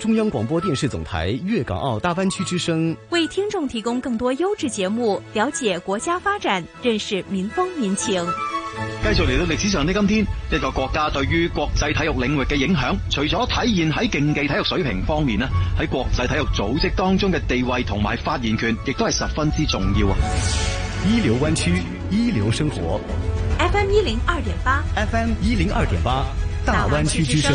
中央廣播電視總台粵港澳大灣區之聲，為聽眾提供更多優質節目，了解國家發展，認識民風民情。繼續嚟到歷史上的今天，一個國家對於國際體育領域嘅影響，除咗體現喺競技體育水平方面呢，喺國際體育組織當中嘅地位同埋發言權，亦都係十分之重要啊！一流灣區，一流生活。FM 一零二點八，FM 一零二點八，大灣區之聲。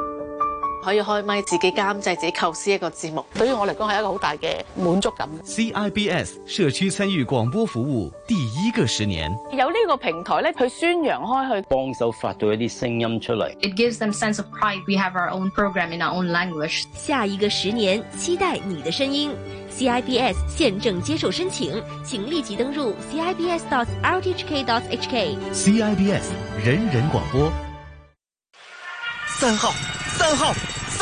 可以開咪，自己監製，自己構思一個節目，對於我嚟講係一個好大嘅滿足感。CIBS 社區參與廣播服務第一個十年，有呢個平台咧，去宣揚開去，幫手發到一啲聲音出嚟。It gives them sense of pride. We have our own program in our own language. 下一個十年，期待你的聲音。CIBS 現正接受申請，請立即登入 cibs.rthk.hk。CIBS 人人廣播，三號，三號。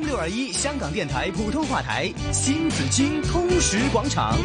m 六二一香港電台普通話台，新紫清通識廣場。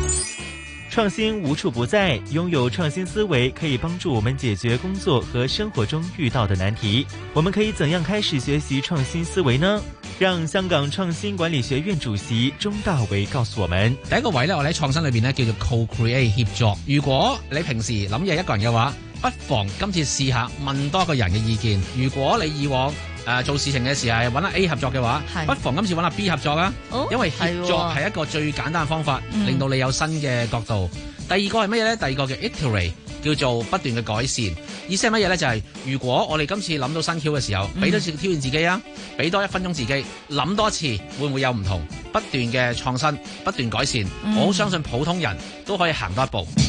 創新無處不在，擁有創新思維可以幫助我們解決工作和生活中遇到的難題。我們可以怎樣開始學習創新思維呢？讓香港創新管理學院主席鍾大為告訴我們。第一個位呢，我喺創新裏邊呢叫做 co-create 協作。如果你平時諗嘢一個人嘅話，不妨今次試下問多個人嘅意見。如果你以往誒做事情嘅時候揾阿 A 合作嘅話，不妨今次揾阿 B 合作啦，因為協作係一個最簡單嘅方法，令到你有新嘅角度。第二個係乜嘢呢？第二個嘅 iterate 叫做不斷嘅改善，意思係乜嘢呢？就係如果我哋今次諗到新 Q 嘅時候，俾多次挑戰自己啊，俾多一分鐘自己，諗多次會唔會有唔同？不斷嘅創新，不斷改善，我好相信普通人都可以行多一步。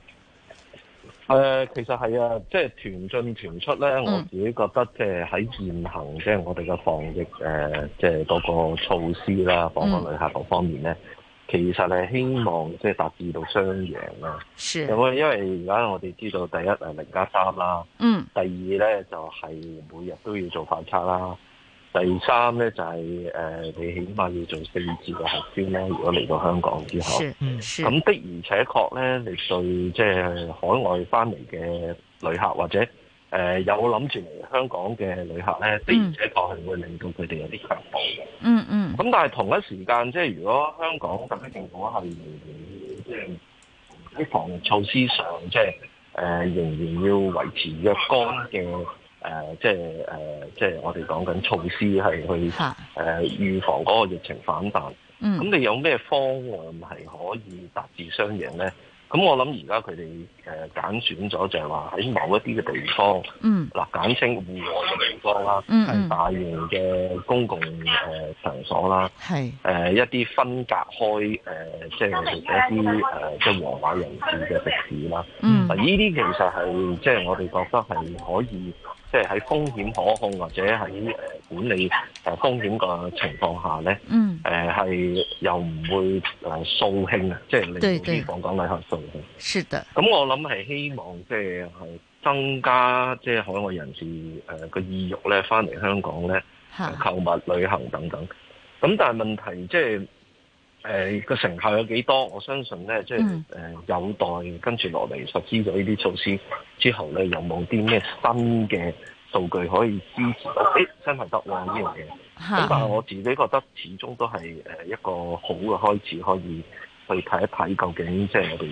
誒、呃，其實係啊，即、就、係、是、團進團出咧。嗯、我自己覺得，即係喺現行即係我哋嘅防疫誒，即係嗰個措施啦，訪港旅客方面咧，嗯、其實係希望即係達至到雙贏啦。咁啊是，因為而家我哋知道，第一係零加三啦，嗯，第二咧就係每日都要做反測啦。第三咧就係、是、誒、呃、你起碼要做四次嘅核酸咧，如果嚟到香港之後，咁的而且確咧，你對即係、就是、海外翻嚟嘅旅客或者誒、呃、有諗住嚟香港嘅旅客咧，嗯、的而且確係會令到佢哋有啲強暴。嘅、嗯。嗯嗯。咁但係同一時間，即係如果香港特別情況係即係啲防疫措施上，即係、呃、仍然要維持若干嘅。誒、呃，即係誒、呃，即係我哋講緊措施係去誒、呃、預防嗰個疫情反彈。咁、嗯、你有咩方案係可以達至雙贏咧？咁我諗而家佢哋誒揀選咗，就係話喺某一啲嘅地方，嗱、嗯，簡稱戶外嘅地方啦，係、嗯、大型嘅公共誒場所啦，一啲分隔開誒、呃，即係我哋嗰啲誒即係黃碼人士嘅食肆啦。嗱、嗯，呢啲其實係即係我哋覺得係可以。即係喺風險可控或者喺管理誒風險嘅情況下咧，誒係、嗯呃、又唔會誒掃興啊！即係令啲訪港旅客掃興。是的。咁我諗係希望即係增加即係海外人士誒個意欲咧，翻嚟香港咧購物、旅行等等。咁是但係問題即係。誒、個、呃、成效有幾多？我相信咧，即係誒、呃，有待跟住落嚟實施咗呢啲措施之後咧，有冇啲咩新嘅數據可以支持到，誒、哎，真係得呢樣嘢。咁但係我自己覺得，始終都係誒一個好嘅開始，可以去睇一睇究竟，即係我哋。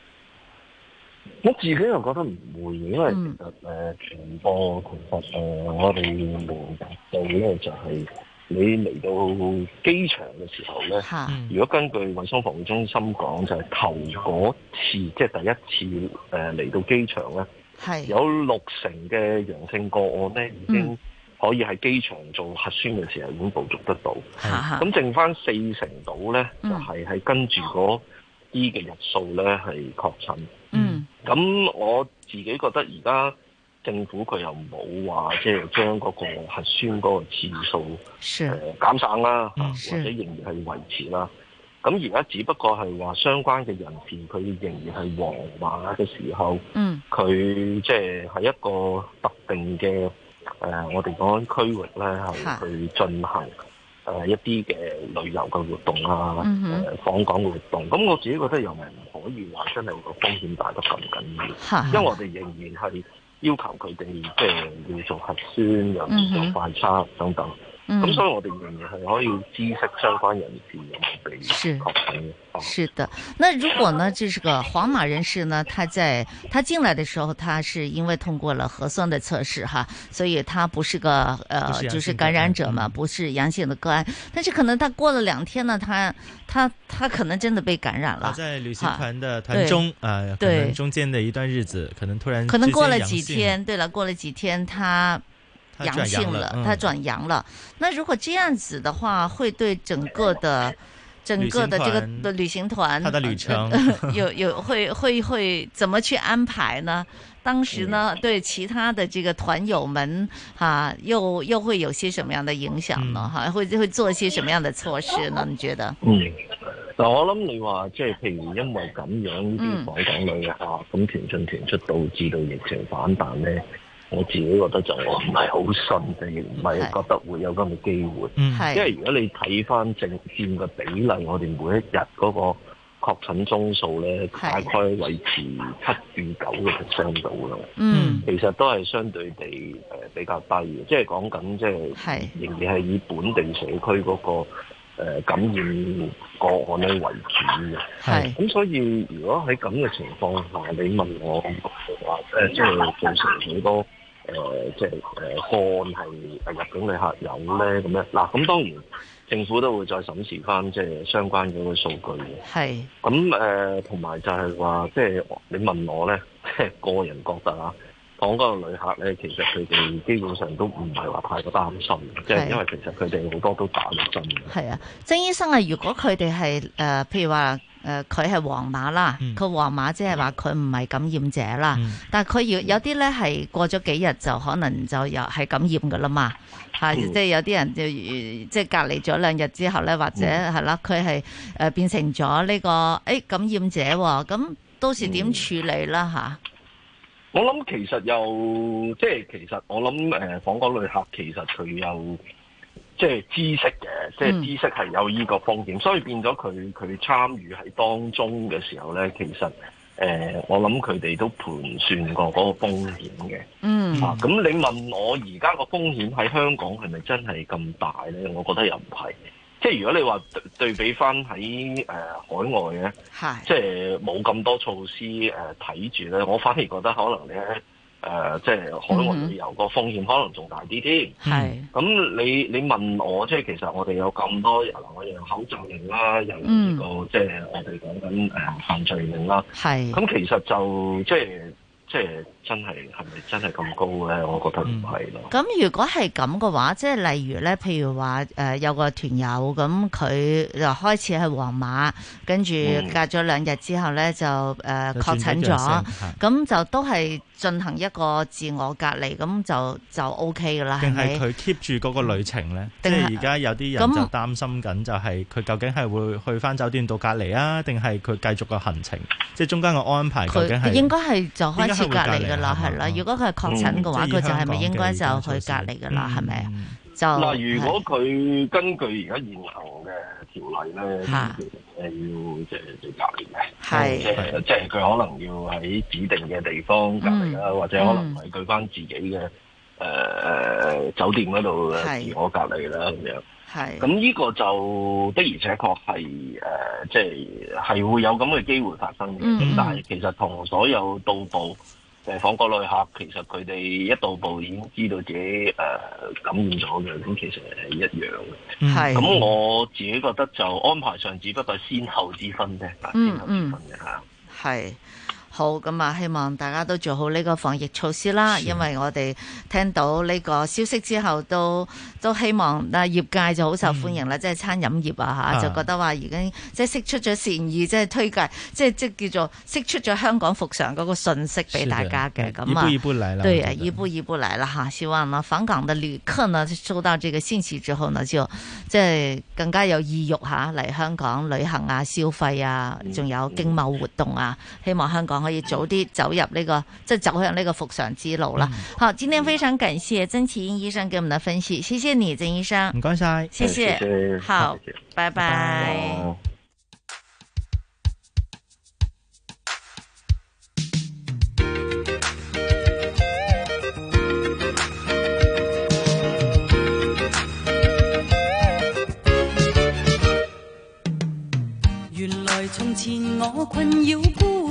我自己又覺得唔會，因為其實誒，傳播其實誒我哋冇達到咧，就係、是、你嚟到機場嘅時候咧，是如果根據衞生防護中心講，就係、是、頭嗰次即係、就是、第一次誒嚟、呃、到機場咧，是有六成嘅陽性個案咧已經可以喺機場做核酸嘅時候、嗯、已經捕捉得到，咁是、嗯、剩翻四成到咧、嗯、就係喺跟住嗰啲嘅日數咧係確診。咁我自己覺得而家政府佢又冇話即係將嗰個核酸嗰個次數呃、減省啦，是或者仍然係維持啦。咁而家只不過係話相關嘅人士，佢仍然係黃碼嘅時候，佢即係喺一個特定嘅誒、呃、我哋講區域咧係去進行。一啲嘅旅遊嘅活動啊，誒、mm hmm. 呃、訪港活動，咁我自己覺得又唔可以話真係個風險大到咁緊要， 因為我哋仍然係要求佢哋即係要做核酸，又要做快測等等。Mm hmm. 咁所以我哋仍然係可以知悉相關人士嘅背景，是的。那如果呢，就是個黃碼人士呢，他在他進來的時候，他是因為通過了核酸的測試哈，所以他不是個，呃，是就是感染者嘛，不是陽性的個案。嗯、但是可能他過了兩天呢，他他他可能真的被感染了。在旅行團的團中，呃、啊，對，呃、中間的一段日子，可能突然可能過了幾天，對了，過了幾天，他。陽性了，他轉陽了。嗯、那如果這樣子的話，會對整個的整個的這個旅行團的旅程有有會會會怎麼去安排呢？當時呢，嗯、對其他的這個團友們哈、啊，又又會有些什麼樣的影響呢？哈、啊，會會做些什麼樣的措施呢？你覺得？嗯，嗱、嗯，嗯、但我諗你話即係譬如因為咁樣呢啲訪港旅遊啊，咁團進團出導致到疫情反彈呢。我自己覺得就我唔係好信，定亦唔係覺得會有咁嘅機會。是因為如果你睇返政檢嘅比例，我哋每一日嗰個確診宗數咧，大概維持七至九個 percent 度咯。是嗯，其實都係相對地誒、呃、比較低嘅，即係講緊即係仍然係以本地社區嗰、嗰個、呃、感染個案咧為主嘅。係是，咁所以如果喺咁嘅情況下，你問我話誒，即、呃、係、就是、造成好多。誒、呃，即係誒、呃，個案係入境旅客有咧咁樣，嗱咁當然政府都會再審視翻即係相關嘅數據嘅。係咁誒，同埋、呃、就係話，即係你問我咧，即係個人覺得啊，講嗰個旅客咧，其實佢哋基本上都唔係話太過擔心，即係是因為其實佢哋好多都打咗針係啊，曾醫生啊，如果佢哋係誒，譬如話。誒，佢係、呃、黃碼啦，個、嗯、黃碼即係話佢唔係感染者啦，嗯、但係佢要有啲咧係過咗幾日就可能就又係感染噶啦嘛，嗯、即係有啲人就即係隔離咗兩日之後咧，或者係、嗯、啦，佢係誒變成咗呢、這個誒、哎、感染者、哦，咁到時點處理啦吓？嗯啊、我諗其實又即係其實我諗誒訪港旅客其實佢有即係知識嘅，即係知識係有呢個風險，嗯、所以變咗佢佢參與喺當中嘅時候咧，其實誒、呃，我諗佢哋都盤算過嗰個風險嘅。嗯，咁、啊、你問我而家個風險喺香港係咪真係咁大咧？我覺得又唔係。即係如果你話對,對比翻喺誒海外咧，係是即係冇咁多措施誒睇住咧，我反而覺得可能咧。誒、呃，即係海外旅遊個風險可能仲大啲添。係、mm，咁、hmm. 嗯、你你問我，即係其實我哋有咁多人啦，我有口罩令啦，有呢個、mm hmm. 即係我哋講緊限聚令啦。係，咁其實就即係即係。真係係咪真係咁高咧？我覺得唔係咯。咁、嗯、如果係咁嘅話，即係例如咧，譬如話誒有個團友咁，佢、嗯、就、嗯、開始係黃碼，跟住隔咗兩日之後咧就誒確診咗，咁、呃、就，就都係進行一個自我隔離，咁就就 O K 噶啦。定係佢 keep 住嗰個旅程咧？是即係而家有啲人就擔心緊，就係佢究竟係會去翻酒店度隔離啊？定係佢繼續個行程？他即係中間個安排究竟係應該係就開始隔離、啊。啦，係啦。如果佢係確診嘅話，佢就係咪應該就去隔離嘅啦？係咪？就嗱，如果佢根據而家現行嘅條例咧，誒要即係做隔離嘅，即係即係佢可能要喺指定嘅地方隔離啦，或者可能喺佢返自己嘅誒誒酒店嗰度自我隔離啦咁樣。係咁，呢個就的而且確係誒，即係係會有咁嘅機會發生嘅。咁但係其實同所有到步。訪國內客，其實佢哋一到步已經知道自己誒、呃、感染咗嘅，咁其實係一樣嘅。係是，咁我自己覺得就安排上，只不過係先後之分啫。先後之分嘅嗯嗯，係。好咁啊！希望大家都做好呢個防疫措施啦。是因為我哋聽到呢個消息之後都都希望業界就好受歡迎啦，即係、嗯、餐飲業啊吓，啊就覺得話已經即係、就是、釋出咗善意，即、就、係、是、推介，即係即係叫做釋出咗香港復常嗰個信息俾大家嘅咁的啊。一步一步來啦，對、啊，一步一步嚟啦吓，希望呢，訪、啊、港的旅客呢，收到這個信息之後，呢，就，就更加有意欲吓、啊、嚟香港旅行啊、消費啊，仲有經貿活動啊。嗯嗯、希望香港。可以早啲走入呢、這個，即係走向呢個復常之路啦。嗯、好，今天非常感謝曾祈殷醫生給我們嘅分析，謝謝你，曾醫生。唔該晒，謝謝，謝謝，好，拜拜。拜拜哦、原來從前我困擾孤。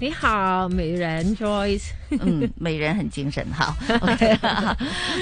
你好、哎，美人 Joyce。 嗯，美人很精神哈。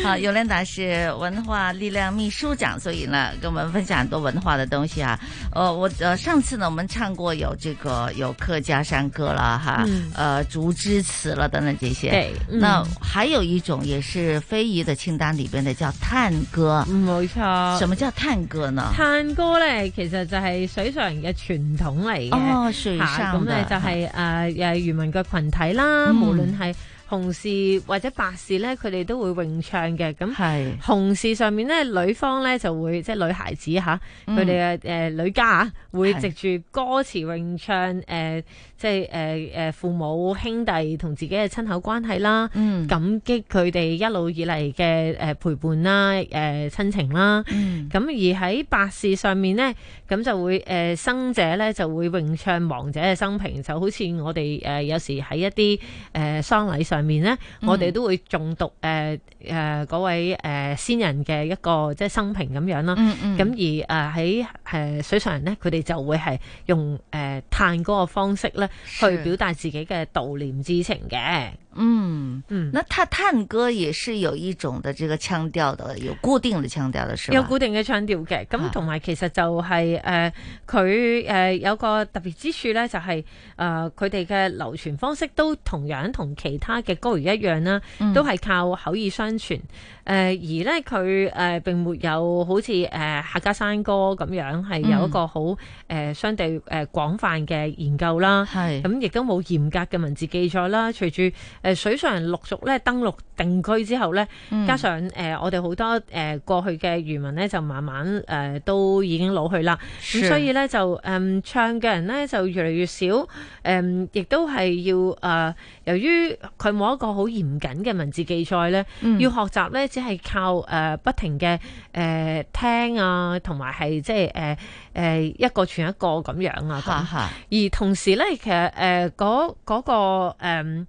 好，Yolanda 是文化力量秘書長，所以呢，跟我們分享很多文化的東西啊。呃、啊，我呃上次呢，我們唱過有這個有客家山歌啦哈，呃、啊，竹枝詞了等等這些。嗯、那還有一種也是非遺的清單裏邊的，叫嘆歌。沒錯錯。什麼叫嘆歌呢？嘆歌呢，其實就係水上人嘅傳統嚟嘅。哦，水上人。咁咧、啊、就係、是、誒。嗯呃係漁民嘅群體啦，無論係，紅事或者白事咧，佢哋都會詠唱嘅。咁是紅事上面咧，女方咧就會即係女孩子吓，佢哋嘅誒女家嚇會藉住歌詞詠唱誒是、呃、即係誒誒父母兄弟同自己嘅親口關係啦，嗯、感激佢哋一路以嚟嘅誒陪伴啦，誒、呃、親情啦。咁、嗯、而喺白事上面咧，咁就會誒、呃、生者咧就會詠唱亡者嘅生平，就好似我哋誒、呃、有時喺一啲誒喪禮，呃，上。上面咧，嗯、我哋都會誦讀誒誒、呃呃、位誒、呃、先人嘅一個即係生平咁樣啦、嗯。嗯嗯，咁而誒喺誒水上人咧，佢哋就會係用誒嘆歌嘅方式咧，去表達自己嘅悼念之情嘅。嗯嗯，那他嘆歌也是有一種的這個腔調的，有固定的腔調的，是吧？有固定嘅腔調嘅，咁同埋其實就係誒佢誒有個特別之處咧，就係誒佢哋嘅流傳方式都同樣同其他嘅歌謠一樣啦，都係靠口耳相傳。誒、嗯呃、而咧佢誒並沒有好似誒客家山歌咁樣係有一個好誒、嗯呃、相對誒廣、呃、泛嘅研究啦，係咁亦都冇嚴格嘅文字記載啦，隨住。誒水上人陸續咧登陸定居之後咧，嗯、加上誒、呃、我哋好多誒、呃、過去嘅漁民咧就慢慢誒、呃、都已經老去啦，咁 Sure. 所以咧就誒、呃、唱嘅人咧就越嚟越少，誒、呃、亦都係要誒、呃，由於佢冇一個好嚴謹嘅文字記載咧，嗯、要學習咧只係靠誒、呃、不停嘅誒、呃、聽啊，同埋係即係誒誒一個傳一個咁樣啊， 而同時咧其實誒嗰嗰個、嗰個呃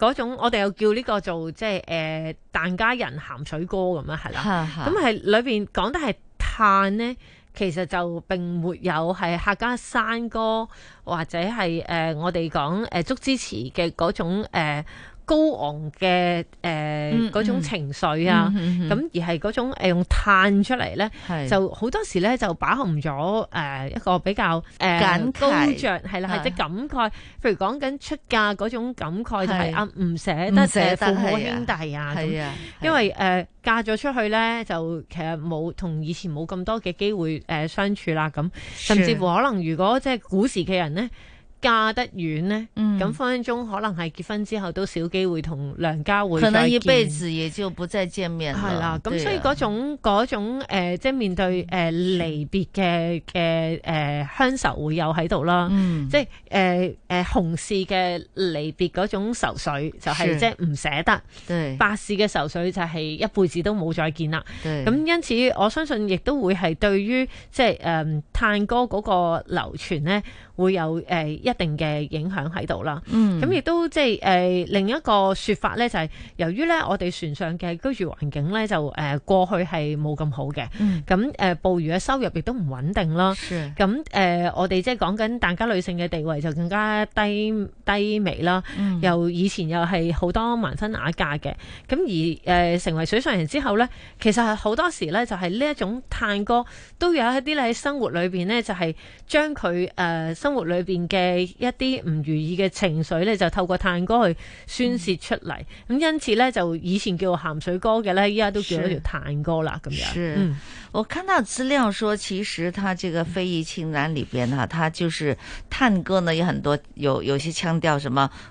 嗰種我哋又叫呢個做即係誒疍家人鹹水歌咁樣係啦，咁係裏面講得係嘆呢，其實就並沒有係客家山歌或者係誒、呃、我哋講誒竹枝詞嘅嗰種、呃高昂嘅誒嗰種情緒啊，咁、嗯嗯嗯嗯、而係嗰種、呃、用嘆出嚟咧，是就好多時咧就飽含咗一個比較誒、呃、癲高漲係啦，係即係感慨。譬的如講緊出嫁嗰種感慨，的就係啊唔捨得父母兄弟啊，咁樣因為、呃、嫁咗出去咧，就其實冇同以前冇咁多嘅機會、呃、相處啦，咁的甚至乎可能如果即係古時嘅人咧。嫁得遠呢，咁、嗯、分分鐘可能係結婚之後都少機會同娘家會再見。可能要俾字嘢，知道本真係知咩人。係啦、啊，咁所以嗰種嗰種、呃、即係面對誒、呃、離別嘅嘅誒鄉愁會有喺度啦。嗯、即係誒誒紅事嘅離別嗰種愁緒，是就係即係唔捨得；對白事嘅愁緒就係一輩子都冇再見啦。咁對因此，我相信亦都會係對於即係誒嘆歌嗰個流傳咧。會有誒、呃、一定嘅影響喺度啦，咁亦都即係誒另一個說法咧，就係、是、由於咧我哋船上嘅居住環境咧，就誒、呃、過去係冇咁好嘅，咁誒捕魚嘅收入亦都唔穩定啦。咁誒 Sure.、嗯呃、我哋即係講緊疍家女性嘅地位就更加低低微啦。又、嗯、以前又係好多盲婚啞嫁嘅，咁而誒、呃、成為水上人之後咧，其實好多時咧就係、是、呢一種嘆歌，都有一啲咧喺生活裏邊咧就係、是、將佢誒、呃生活裏邊嘅一啲唔如意嘅情緒咧，就透過嘆歌去宣泄出嚟。咁、嗯、因此咧，就以前叫鹹水歌嘅咧，依家都叫做嘆歌啦。咁是樣。是，嗯、我看到資料說，其實佢呢個非遺清單裏邊啊，佢就是嘆歌呢，有很多有有些腔調，什麼？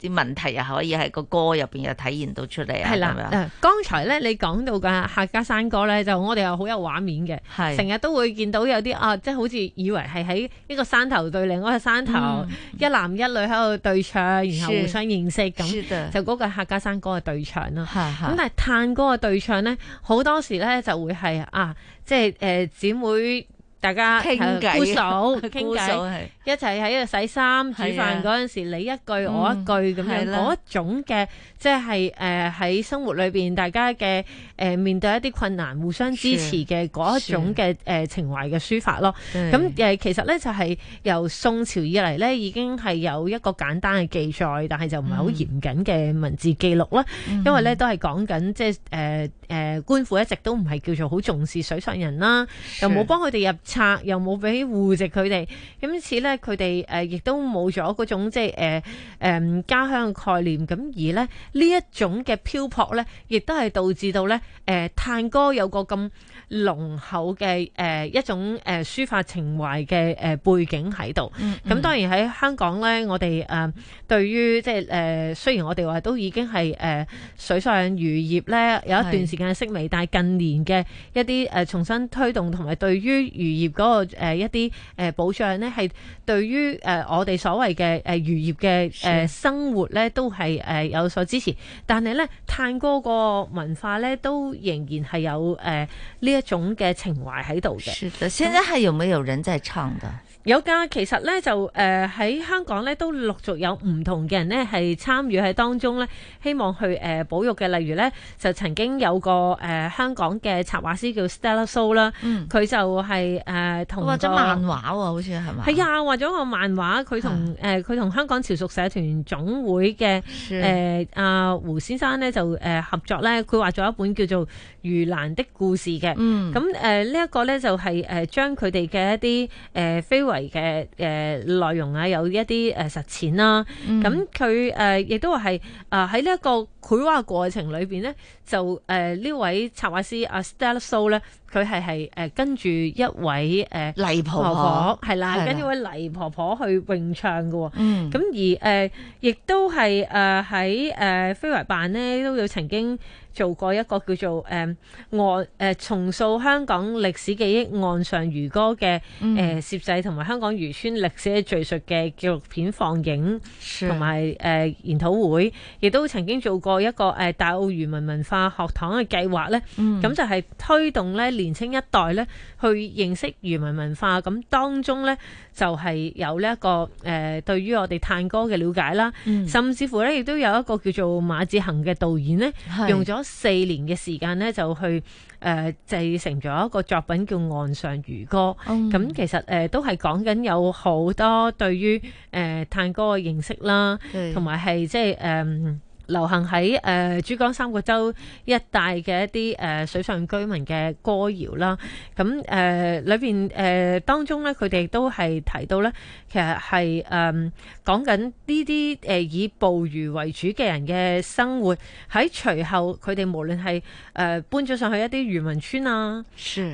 啲問題又可以喺個歌入邊又體現到出嚟啊！係啦的，誒吧，剛才咧你講到嘅客家山歌咧，就我哋又好有畫面嘅，成日是的 都會見到有啲啊，即係好似以為係喺一個山頭對另一個山頭，嗯、一男一女喺度對唱，然後互相認識咁，的的就嗰個客家山歌嘅對唱咯。咁的但係嘆歌嘅對唱咧，好多時咧就會係啊，即係誒姊妹。大家傾偈，佢傾偈，一齊喺度洗衫的煮飯嗰陣時，你一句我一句咁、嗯、樣，嗰的種嘅。即係誒喺生活裏邊，大家嘅誒、呃、面對一啲困難，互相支持嘅嗰一種嘅誒 Sure.、呃、情懷嘅抒法咯。咁誒 Yeah.、呃、其實咧就係、是、由宋朝以嚟咧，已經係有一個簡單嘅記載，但係就唔係好嚴謹嘅文字記錄啦。Mm. 因為咧都係講緊即係誒誒官府一直都唔係叫做好重視水上人啦，又冇幫佢哋入冊，又冇俾戶籍佢哋，咁似咧佢哋誒亦都冇咗嗰種即係誒誒家鄉嘅概念，咁而咧。呢一種嘅漂泊，呢亦都係導致到呢，誒、呃，嘆歌有個咁濃厚嘅，誒、呃、一種誒抒發情懷嘅誒背景喺度，咁、嗯嗯、當然喺香港咧，我哋誒、呃、對於即係誒、呃、雖然我哋話都已經係誒、呃、水上漁業咧有一段時間嘅式微，是但係近年嘅一啲誒、呃、重新推動同埋對於漁業嗰個誒一啲誒保障咧，係對於誒、呃、我哋所謂嘅誒漁業嘅誒、呃、生活咧，都係誒有所支持。但係咧，嘆歌個文化咧都仍然係有誒呢一。呃一種嘅情懷喺度嘅。是的，現在還有沒有人在唱的？有噶，其實咧就誒喺、呃、香港咧都陸續有唔同嘅人呢係參與喺當中咧，希望去誒、呃、保育嘅。例如咧就曾經有個誒、呃、香港嘅插畫師叫 Stella So 啦、嗯，佢就係誒同畫咗漫畫喎、喔，好似係咪？係啊，畫咗個漫畫，佢同誒佢同香港潮屬社團總會嘅誒阿胡先生咧就合作咧，佢畫咗一本叫做《魚欄的故事》嘅。嗯，咁誒呢一個咧就係誒將佢哋嘅一啲誒為嘅誒內容啊，有一啲誒實踐啦，咁佢誒亦都係喺呢一個繪畫過程裏邊咧，就誒呢位插畫師阿 Stella So 咧，佢係係誒跟住一位誒黎婆婆係啦，跟住一位黎婆婆去詠唱喎。咁、嗯、而誒、呃、亦都係誒喺誒非遺辦咧都有曾經。做過一個叫做誒、嗯、岸誒、呃、重塑香港歷史記憶岸上漁歌嘅誒攝製同埋香港漁村歷史嘅敘述嘅紀錄片放映，同埋誒研討會亦都曾經做過一個誒、呃、大澳漁民文化學堂嘅計劃咧。咁、嗯、就係推動咧年青一代咧去認識漁民文化，咁當中咧就係有呢一個誒對於我哋嘆歌嘅了解啦，嗯、甚至乎咧亦都有一個叫做馬志恒嘅導演咧，用咗。四年嘅時間咧，就去誒、呃、製成咗一個作品叫《岸上漁歌》。咁、oh. 其實誒、呃、都係講緊有好多對於誒嘆歌嘅認識啦，同埋係即係誒。呃流行喺誒、呃、珠江三角洲一帶嘅一啲誒、呃、水上居民嘅歌謠啦，咁誒、呃，裏邊誒、呃、當中咧，佢哋都係提到咧，其實係誒講緊呢啲誒以捕魚為主嘅人嘅生活。喺隨後佢哋無論係誒搬咗上去一啲漁民村啊，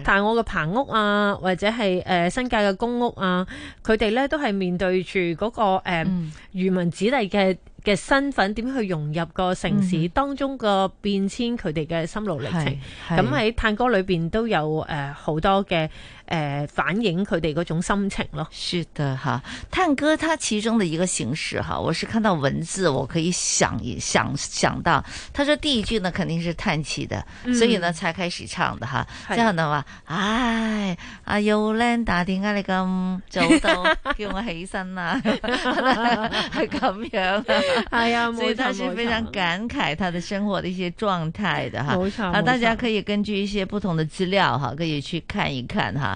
大澳嘅棚屋啊，或者係誒、呃、新界嘅公屋啊，佢哋咧都係面對住嗰、那個誒、呃、漁民子弟嘅。嘅身份點樣去融入個城市、嗯、哼當中個變遷，佢哋嘅心路歷程，咁喺嘆歌裏邊都有誒好、呃、多嘅。呃，反映佢哋嗰種心情咯。是的，哈，嘆歌，它其中的一個形式，哈，我是看到文字，我可以想一想想到，他說第一句呢，肯定是嘆氣的，嗯、所以呢，才開始唱的，哈、嗯，叫呢嘛，是哎，啊，有難打，點解你咁早到， 叫我起身啊，係 咁 樣啊，哎、呀，啊，所以他是非常感慨，感慨他的生活的一些狀態的，哈，啊，大家可以根據一些不同的資料，哈，可以去看一看，哈。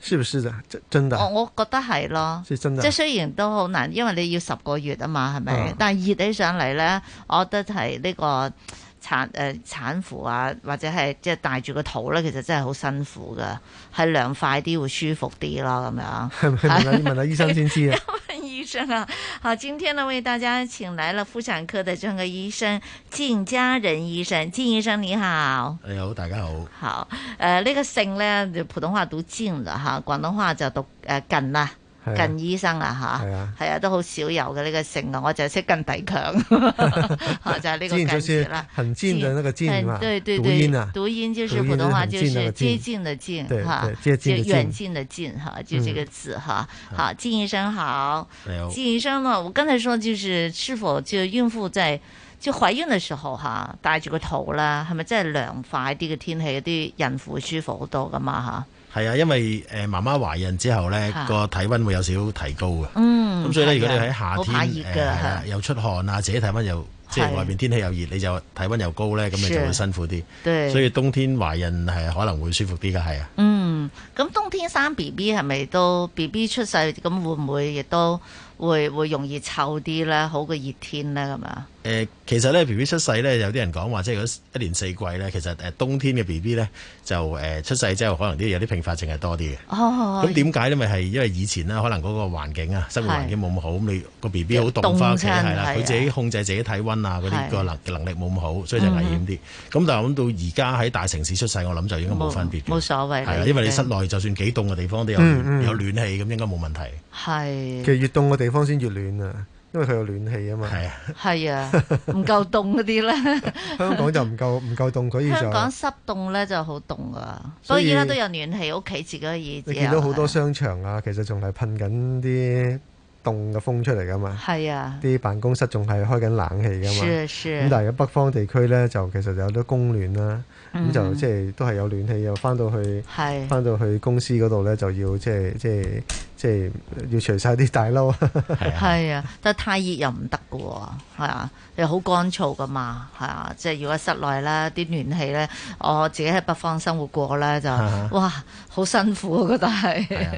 是不是的？真真的，我我覺得係咯，即係雖然都好難，因為你要十個月啊嘛，係咪？嗯、但係熱起上嚟呢，我覺得係呢個。產誒產婦啊，或者係即係帶住個肚咧，其實真係好辛苦噶，係涼快啲會舒服啲咯，咁樣嚇。 問，下 問下醫生先知。 要問醫生啊。好，今天呢，為大家請來了婦產科的這個醫生靳嘉仁醫生。靳醫生你好。你好，大家好。好，誒、呃、呢、這個姓咧就普通話讀靜咋嚇，廣、啊、東話就讀誒、呃、近啊。近醫生啊，吓係、哎、呀啊，係啊、哎，都好少有嘅呢、這個姓啊，我就係識靳埭強，就係呢個近啦。靳字呢個近對對對，讀音，啊、讀音就是普通話就是接近的近哈，就遠近的近哈、啊啊，就這個字哈。嗯啊、好，靳醫生好，哎、呦靳醫生、啊、我剛才說就是是否就孕婦在就懷孕的時候哈、啊，戴住個肚啦，係咪真係涼快啲嘅天氣，啲孕婦舒服好多噶嘛？吓、啊。係啊，因為誒，媽媽懷孕之後咧，個體溫會有少少提高嘅。嗯，咁所以咧，如果你喺夏天誒熱嘅又出汗啊，自己體溫又即係外邊天氣又熱，你就體溫又高咧，咁你就會辛苦啲。對，所以冬天懷孕係可能會舒服啲嘅，係啊。嗯，咁冬天生 B B 係咪都 B B 出世咁會唔會亦都會會容易臭啲咧？好過熱天咧咁啊？誒，其實咧 B B 出世咧，有啲人講話即係一年四季咧，其實誒冬天嘅 B B 咧。就誒出世之後，可能啲有啲併發症係多啲嘅。咁點解咧？因為係因為以前咧，可能嗰個環境啊，生活環境冇咁好，咁你個 B B 好凍翻屋企係啦，佢自己控制自己體温啊嗰啲個能能力冇咁好，所以就危險啲。咁但係我諗到而家喺大城市出世，我諗就應該冇分別嘅，冇所謂。係啦，因為你室內就算幾凍嘅地方都有有暖氣，咁應該冇問題。係其實越凍嘅地方先越暖啊。因為佢有暖氣啊嘛，係啊，係 啊，唔夠凍嗰啲咧， 香港就唔夠唔夠凍，所以就香港濕凍咧就好凍啊，所以咧都有暖氣屋企自己嘅嘢，見到好多商場啊，係啊，其實仲係噴緊啲凍嘅風出嚟噶嘛，係啊，啲辦公室仲係開緊冷氣噶嘛，係、啊、係、啊。咁但係北方地區咧，就其實就有啲供暖啦，咁、嗯、就即係都係有暖氣，又翻到去，係翻是到去公司嗰度咧就要即係即係。即係即係即係要除晒啲大褸、啊。係 啊，但係太熱又唔得嘅喎，係啊，又好乾燥嘅嘛，係啊，即係如果室內咧啲暖氣咧，我自己喺北方生活過咧就、啊、哇好辛苦，我覺得係嚇，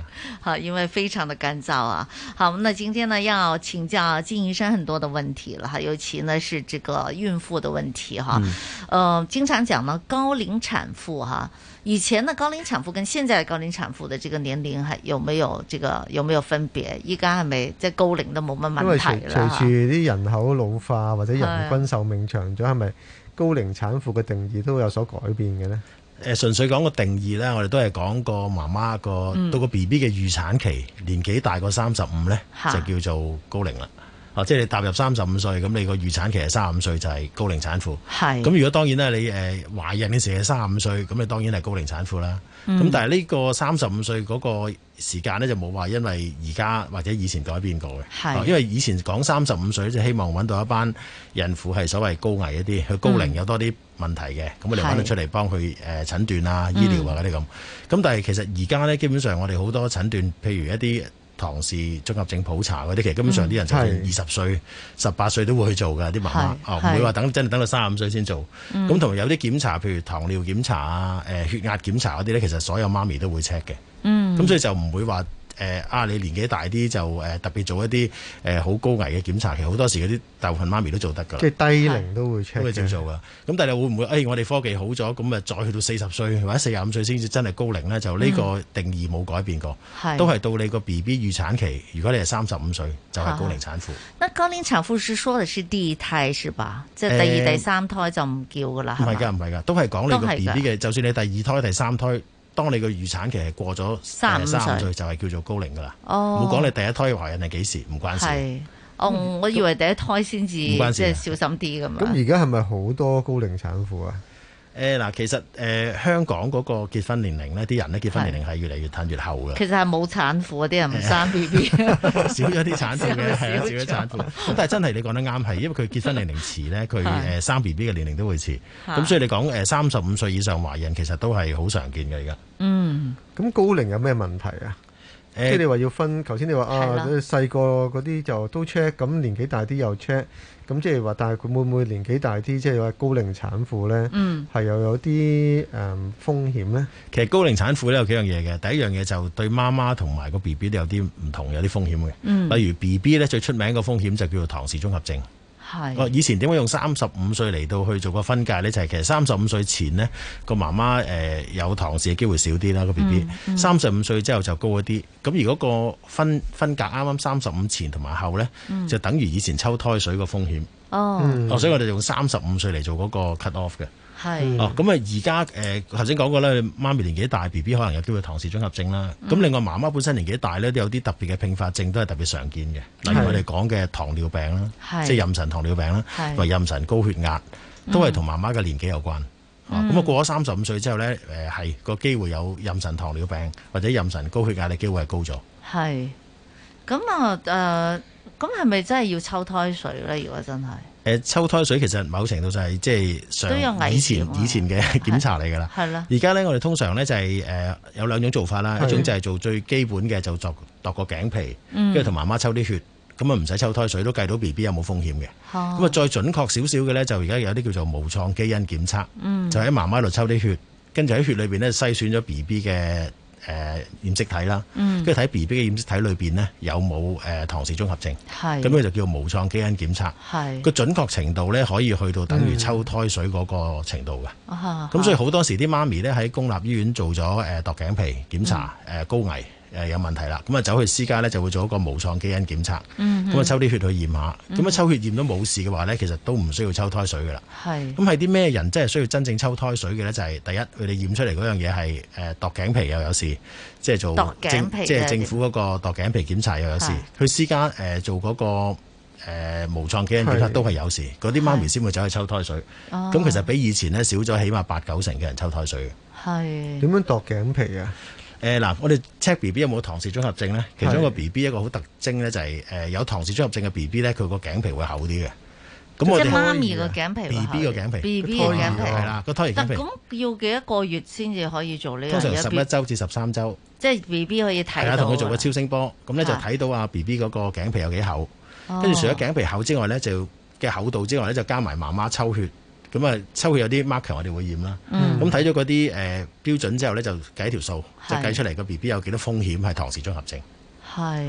啊、因為非常嘅乾燥啊。好，咁呢，今天呢要請教靳醫生很多的問題啦，尤其呢是這個孕婦的問題哈，嗯、呃，經常講呢，高齡產婦哈、啊。以前的高齡產婦跟現在的高齡產婦嘅這個年齡，係有沒有這個有沒有分別？依家係咪即係高齡都冇乜問題啦？因為隨隨住啲人口老化或者人均壽命長咗，係咪的高齡產婦嘅定義都有所改變嘅呢？誒、呃，純粹講個定義呢，我哋都係講個媽媽個到個 B B 嘅預產期年紀大過三十五呢，就叫做高齡啦。哦、即係你踏入三十五歲，咁你個預產期係三十五歲就係、是、高齡產婦。係咁是，如果當然咧，你誒懷孕嘅時係三十五歲，咁你當然係高齡產婦啦。咁、嗯、但係呢個三十五歲嗰個時間咧，就冇話因為而家或者以前改變過嘅。是因為以前講三十五歲，就是、希望搵到一班孕婦係所謂高危一啲，佢高齡有多啲問題嘅，咁我哋揾到出嚟幫佢誒診斷啊、嗯、醫療啊嗰啲咁。咁但係其實而家咧，基本上我哋好多診斷，譬如一啲。唐氏綜合症普查嗰啲，其實根本上啲人就算二十歲、十八、嗯、歲都會去做嘅，啲媽媽啊，唔、oh, 會話等真係等到三十五歲先做。咁同埋有啲檢查，譬如糖尿檢查啊、誒、呃、血壓檢查嗰啲咧，其實所有媽咪都會 check 嘅。咁、嗯、所以就唔會話。誒啊！你年紀大啲就誒特別做一啲誒好高危嘅檢查，其實好多時嗰啲大部分媽咪都做得㗎。即係低齡都會出都會做㗎。咁但係會唔會誒我哋科技好咗，咁誒再去到四十歲或者四十五歲先至真係高齡咧？就呢個定義冇改變過，嗯、是都係到你個 B B 預產期。如果你係三十五歲，就係、是、高齡產婦。嗱，高齡產婦是說的是第二胎是吧？即係第二、第三胎就唔叫㗎啦。唔係㗎，唔係㗎，都係講你個 B B 嘅。就算你第二胎、第三胎。當你個預產期係過咗三十五歲，呃、三五歲就係叫做高齡㗎喇。冇講、哦、你第一胎懷孕係幾時，唔關事。哦，我以為第一胎先至、嗯、即係小心啲㗎嘛。咁而家係咪好多高齡產婦啊？誒，嗱，其實誒、呃，香港嗰個結婚年齡呢啲人咧結婚年齡係越嚟越褪越後嘅。其實係冇產婦，啲的人唔生 B B。少咗啲產婦少產婦。 但係真係你講得啱，係因為佢結婚年齡遲咧，佢誒生 B B 嘅年齡都會遲。咁所以你講誒三十五歲以上懷孕，其實都係好常見嘅而家。嗯，咁高齡有咩問題啊？即係你話要分，頭先你話啊細個嗰啲就都 check，咁年紀大啲又 check，咁即係話，但係佢會唔會年紀大啲，即係話高齡產婦咧，係、嗯、又有啲誒風險咧？其實高齡產婦咧有幾樣嘢嘅，第一樣嘢就是對媽媽同埋個 B B 都有啲唔同，有啲風險嘅。例、嗯、如 B B 咧最出名個風險就叫做唐氏綜合症。以前點解用三十五歲嚟到去做個分界呢？就係，是，其實三十五歲前呢，個媽媽誒有唐氏嘅機會少啲啦，個 B B 三十五歲之後就高一啲。咁如果個分分界啱啱三十五前同埋後呢，就等於以前抽胎水個風險。哦，oh. 所以我哋用三十五歲嚟做嗰個 cut off 嘅。係哦，咁是啊，而家誒頭先講過咧，媽咪年紀大，B B 可能有機會唐氏綜合症啦。咁、嗯、另外媽媽本身年紀大咧，都有啲特別嘅併發症，都係特別常見嘅。例如我哋講嘅糖尿病啦，是即係妊娠糖尿病啦，或妊娠高血壓，都係同媽媽嘅年紀有關。咁、嗯、啊，過咗三十五歲之後咧，誒係個機會有妊娠糖尿病或者妊娠高血壓嘅機會係高咗。係咁啊，誒，咁係咪真係要抽胎水咧？如果、啊、真係？誒，抽胎水其實某程度上就係即係上以前以前嘅檢查嚟噶啦，而家咧我哋通常咧就係誒有兩種做法啦，一種就係做最基本嘅，就作度個頸皮，跟住同媽媽抽啲血，咁啊唔使抽胎水都計到 B B 有冇風險嘅，咁啊再準確少少嘅咧就而家有啲叫做無創基因檢測，就喺媽媽度抽啲血，跟住喺血裏邊咧篩選咗 B B 嘅。誒染、呃、色體啦，跟住睇 B B 嘅染色體裏邊呢，有冇誒唐氏綜合症，咁佢是就叫無創基因檢測，個是準確程度呢，可以去到等於抽胎水嗰個程度嘅，咁、嗯、所以好多時啲媽咪呢，喺公立醫院做咗誒度頸皮檢查誒高危。有問題啦，咁啊走去私家咧就會做一個無創基因檢查，咁啊、嗯、哼抽啲血去驗下，咁啊、嗯、哼抽血驗都冇事嘅話咧，其實都唔需要抽胎水噶啦。咁係啲咩人真係需要真正抽胎水嘅咧？就係、是、第一，佢哋驗出嚟嗰樣嘢係誒度頸皮又有事，即係做即係政府嗰個度頸皮檢查又有事。是去私家誒、呃、做嗰、那個誒、呃、無創基因檢查都係有事，嗰啲是媽咪先會走去抽胎水。咁是其實比以前咧少咗起碼八九成嘅人抽胎水。係是。點樣度頸皮啊？誒嗱、呃，我哋 check B B 有冇唐氏綜合症咧？其中一個 B B 一個好特徵咧，就係有唐氏綜合症嘅 B B 咧，佢個，個、就是、頸皮會厚啲嘅。咁我哋媽咪個頸皮 B B 個頸皮，B B 個頸皮，係啦個胎兒咁、啊啊、要幾多個月先至可以做呢、這個、通常十一周至十三周。即係 B B 可以睇。係啊，同佢做個超聲波，咁咧就睇到啊 B B 嗰個頸皮有幾厚，跟住、啊、除咗頸皮厚之外咧，就嘅厚度之外咧，就加埋媽媽抽血。咁啊，抽血有啲 marker，我哋會驗啦。咁睇咗嗰啲誒標準之後咧，就計條數，就計出嚟個 B B 有幾多風險係唐氏綜合症。係。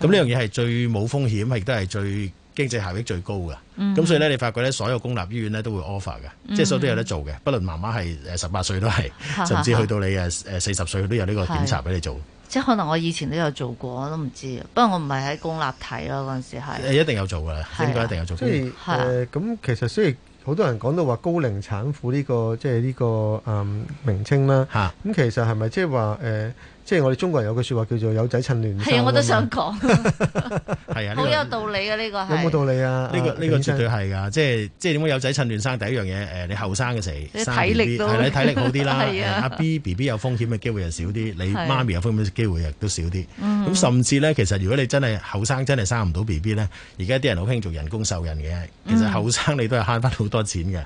咁呢樣嘢係最冇風險，亦都係最經濟效益最高嘅。咁所以咧，你發覺咧，所有公立醫院咧都會 offer 嘅，即係所有都有得做嘅，不論媽媽係誒十八歲都係，甚至去到你誒誒四十歲都有呢個檢查俾你做。即係可能我以前都有做過，我都唔知。不過我唔係喺公立睇咯，嗰陣時係。一定有做㗎，應該一定有做。咁其實所以。好多人講到話，高齡產婦呢個即係呢個嗯名稱啦，咁的其實係咪即係話誒？呃即係我哋中國人有句說話叫做有仔趁亂生，係啊，我都想講，係啊， 好有道理嘅呢個，有冇道理啊？呢個呢個絕對係噶，即係即係點解有仔趁亂生？第一樣嘢，誒，你後生嘅時，啲體力你體力好啲啦。阿 B B B 有風險嘅機會又少啲，的你媽咪有風險嘅機會亦都少啲。咁的甚至咧，其實如果你真係後生不寶寶，真係生唔到 B B 咧，而家啲人好興做人工受孕嘅，其實後生你都係慳翻好多錢嘅，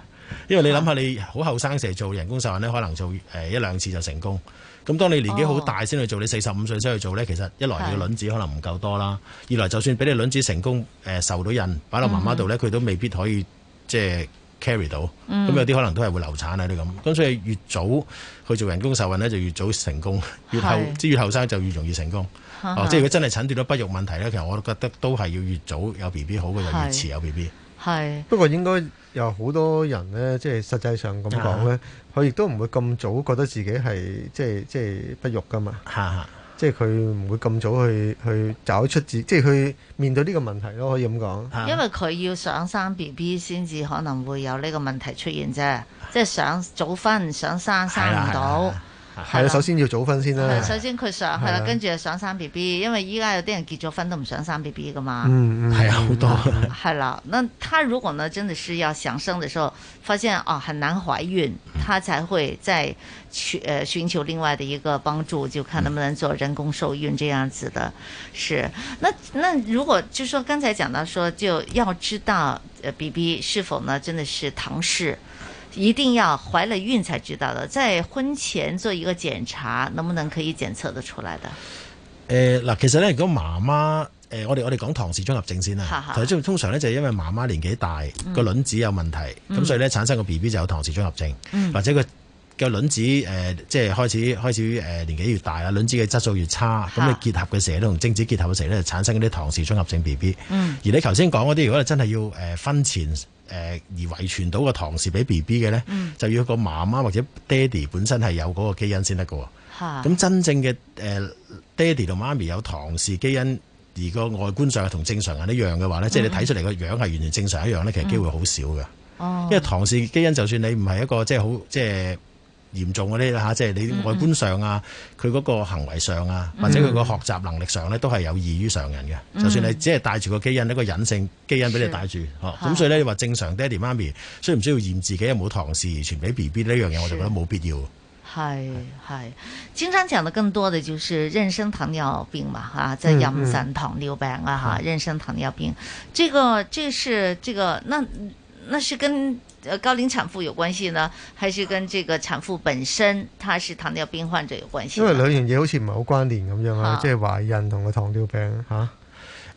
因為你諗下你好後生時做人工受孕可能做誒一兩次就成功。咁當你年紀好大先去做，你四十五歲先去做呢，其實一來你嘅卵子可能唔夠多啦；是的 二來就算俾你卵子成功，誒、呃、受到孕擺落媽媽度呢，佢、嗯、都未必可以即係、呃、carry 到。咁、嗯、有啲可能都係會流產啊啲咁。咁所以越早去做人工受孕呢，就越早成功；越後是的 即越後生就越容易成功。是的 哦、即係如果真係診斷到不育問題呢，其實我都覺得都係要越早有 B B 好嘅，就越遲有 B B。係，是不過應該有好多人咧，即係實際上咁講咧，佢亦、啊、都唔會咁早覺得自己係即係即係不育噶嘛。嚇、啊、即係佢唔會咁早去去找出自己，即係佢面對呢個問題咯，可以咁講。啊、因為佢要想生 B B 先至可能會有呢個問題出現啫，啊、即係想早婚想生生唔到。係啊，首先要早婚先啦、啊。首先佢想係啦，跟住想生 B B，的因為依、e、家有啲人結咗婚都唔想生 B B 㗎嘛。嗯嗯，係啊，好多。係啦，那他如果呢真的是要想生的時候，發現啊、哦、很難懷孕，他才會再去呃尋求另外的一個幫助，就看能不能做人工受孕這樣子的。是的，那那如果就是說，剛才講到說，就要知道 B B 是否呢真的是唐氏。一定要懷了孕才知道的，在婚前做一個檢查，能不能可以檢測得出來的？誒，嗱，其實呢，如果媽媽，誒、呃，我哋我哋講唐氏綜合症先啦哈，通常呢，就係因為媽媽年紀大，個卵子有問題，咁、嗯、所以呢，產生個 B B 就有唐氏綜合症，嗯、或者個個卵子誒、呃，即係開始開始誒年紀越大啊，卵子嘅質素越差，咁、啊、你結合嘅時候，同精子結合嘅時候呢，產生嗰啲唐氏綜合症 B B，嗯。而你頭先講嗰啲，如果你真係要誒婚前。誒、呃、而遺傳到個唐氏俾 B B 嘅咧，嗯、就要一個媽媽或者爹哋本身係有嗰個基因先得㗎。咁、嗯、真正嘅誒爹哋同媽咪有唐氏基因而個外觀上係同正常人一樣嘅話咧，嗯、即係你睇出嚟個樣係完全正常一樣咧，其實機會好少㗎。嗯、因為唐氏基因就算你唔係一個即係好即係。嚴重嗰啲啦嚇，即係你外觀上啊，佢嗰個行為上啊，或者佢個學習能力上呢，都係有異於常人嘅。就算你只係帶住個基因，一個隱性基因俾你帶住，咁所以呢，你話正常爹哋媽咪需唔需要驗自己有冇唐氏遺傳俾 B B 呢？樣嘢我就覺得冇必要。係係，經常講得更多嘅，就是妊娠糖尿病嘛，嚇，即係妊娠糖尿病啊，嚇，妊娠糖尿病，這個這是這個，那那是跟。呃，高齡產婦有關係呢，還是跟這個產婦本身她是糖尿病患者有關係？因為兩樣嘢好似唔係好關聯咁樣啊，即係懷孕同個糖尿病吓。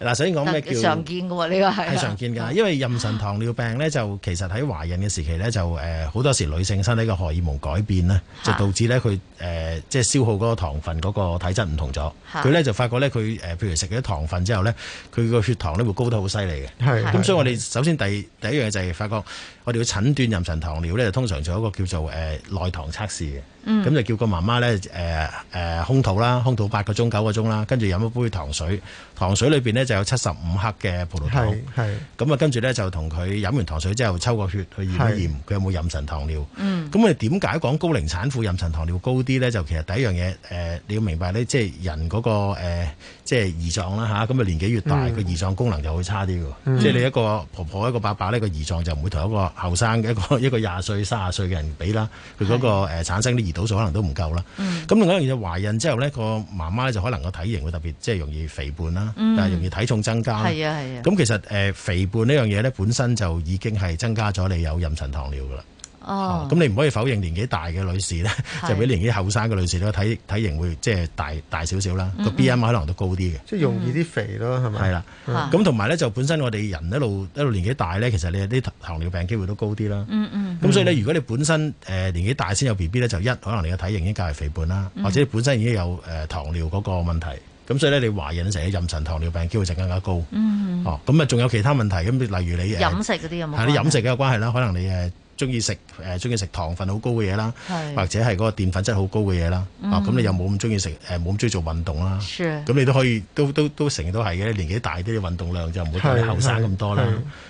嗱，所以講咩叫常見㗎喎？呢、呢個係係常見㗎，因為妊娠糖尿病咧，就其實喺懷孕嘅時期咧，就誒好多時女性身體嘅荷爾蒙改變咧，就導致咧佢、呃、即係消耗嗰個糖分嗰個體質唔同咗。佢咧就發覺咧佢譬如食咗糖分之後咧，佢個血糖咧會高得好犀利嘅。咁是、嗯，所以我哋首先第第一樣嘢就係發覺，我哋要診斷妊娠糖尿咧，就通常做一個叫做誒、呃、內糖測試嘅。嗯，咁就叫個媽媽咧，誒、呃、誒、呃，空肚啦，空肚八個鐘、九個鐘啦，跟住飲一杯糖水，糖水裏邊呢就有七十五克嘅葡萄糖，係，咁啊，呢跟住咧就同佢飲完糖水之後抽個血去驗一驗，佢是有冇妊娠糖尿，嗯，咁我哋點解講高齡產婦妊娠糖尿高啲咧？就其實第一樣嘢，誒、呃，你要明白咧，即、就、係、是、人嗰、那個誒，即、呃、係、就是、胰臟啦吓，咁啊年紀越大，個、嗯、胰臟功能就會差啲嘅，嗯、即係你一個婆婆一個伯伯呢個胰臟就唔會同一個後生嘅一個一個廿歲卅歲嘅人比啦，佢嗰、那個誒是、呃、產生啲。數可能都唔夠啦。咁另外，一樣嘢就懷孕之後咧，個媽媽咧就可能個體型會特別即係容易肥胖啦，但係容易體重增加。係啊、嗯、係啊。咁、啊、其實肥胖呢樣嘢咧，本身就已經係增加咗你有妊娠糖尿噶啦。哦，咁你唔可以否認年紀大嘅女士咧， 就比年紀後生嘅女士咧，是體體型會即係大大少少啦，個、嗯嗯、B M I 可能都高啲嘅，即係容易啲肥咯，係咪、嗯？係啦吧，咁同埋咧就本身我哋人一路一路年紀大咧，其實你啲糖尿病機會都高啲啦。嗯咁、嗯嗯、所以咧，如果你本身誒、呃、年紀大先有 B B 咧，就一可能你嘅體型已經較為肥胖啦，嗯嗯或者你本身已經有誒、呃、糖尿病嗰個問題，咁所以咧你懷孕成日妊娠糖尿病機會就更加高。嗯嗯。咁啊、哦，仲有其他問題咁，例如你飲食嗰啲有冇？係啲飲食嘅關係啦，可能你誒。呃中意食誒，中意食糖分好高嘅嘢啦，是或者係嗰個澱粉質好高嘅嘢啦。咁、嗯哦、你又冇咁中意食誒，冇咁中意做運動啦。咁是你都可以，都都都成日都係嘅。年紀大啲嘅運動量就唔會同你後生咁多啦。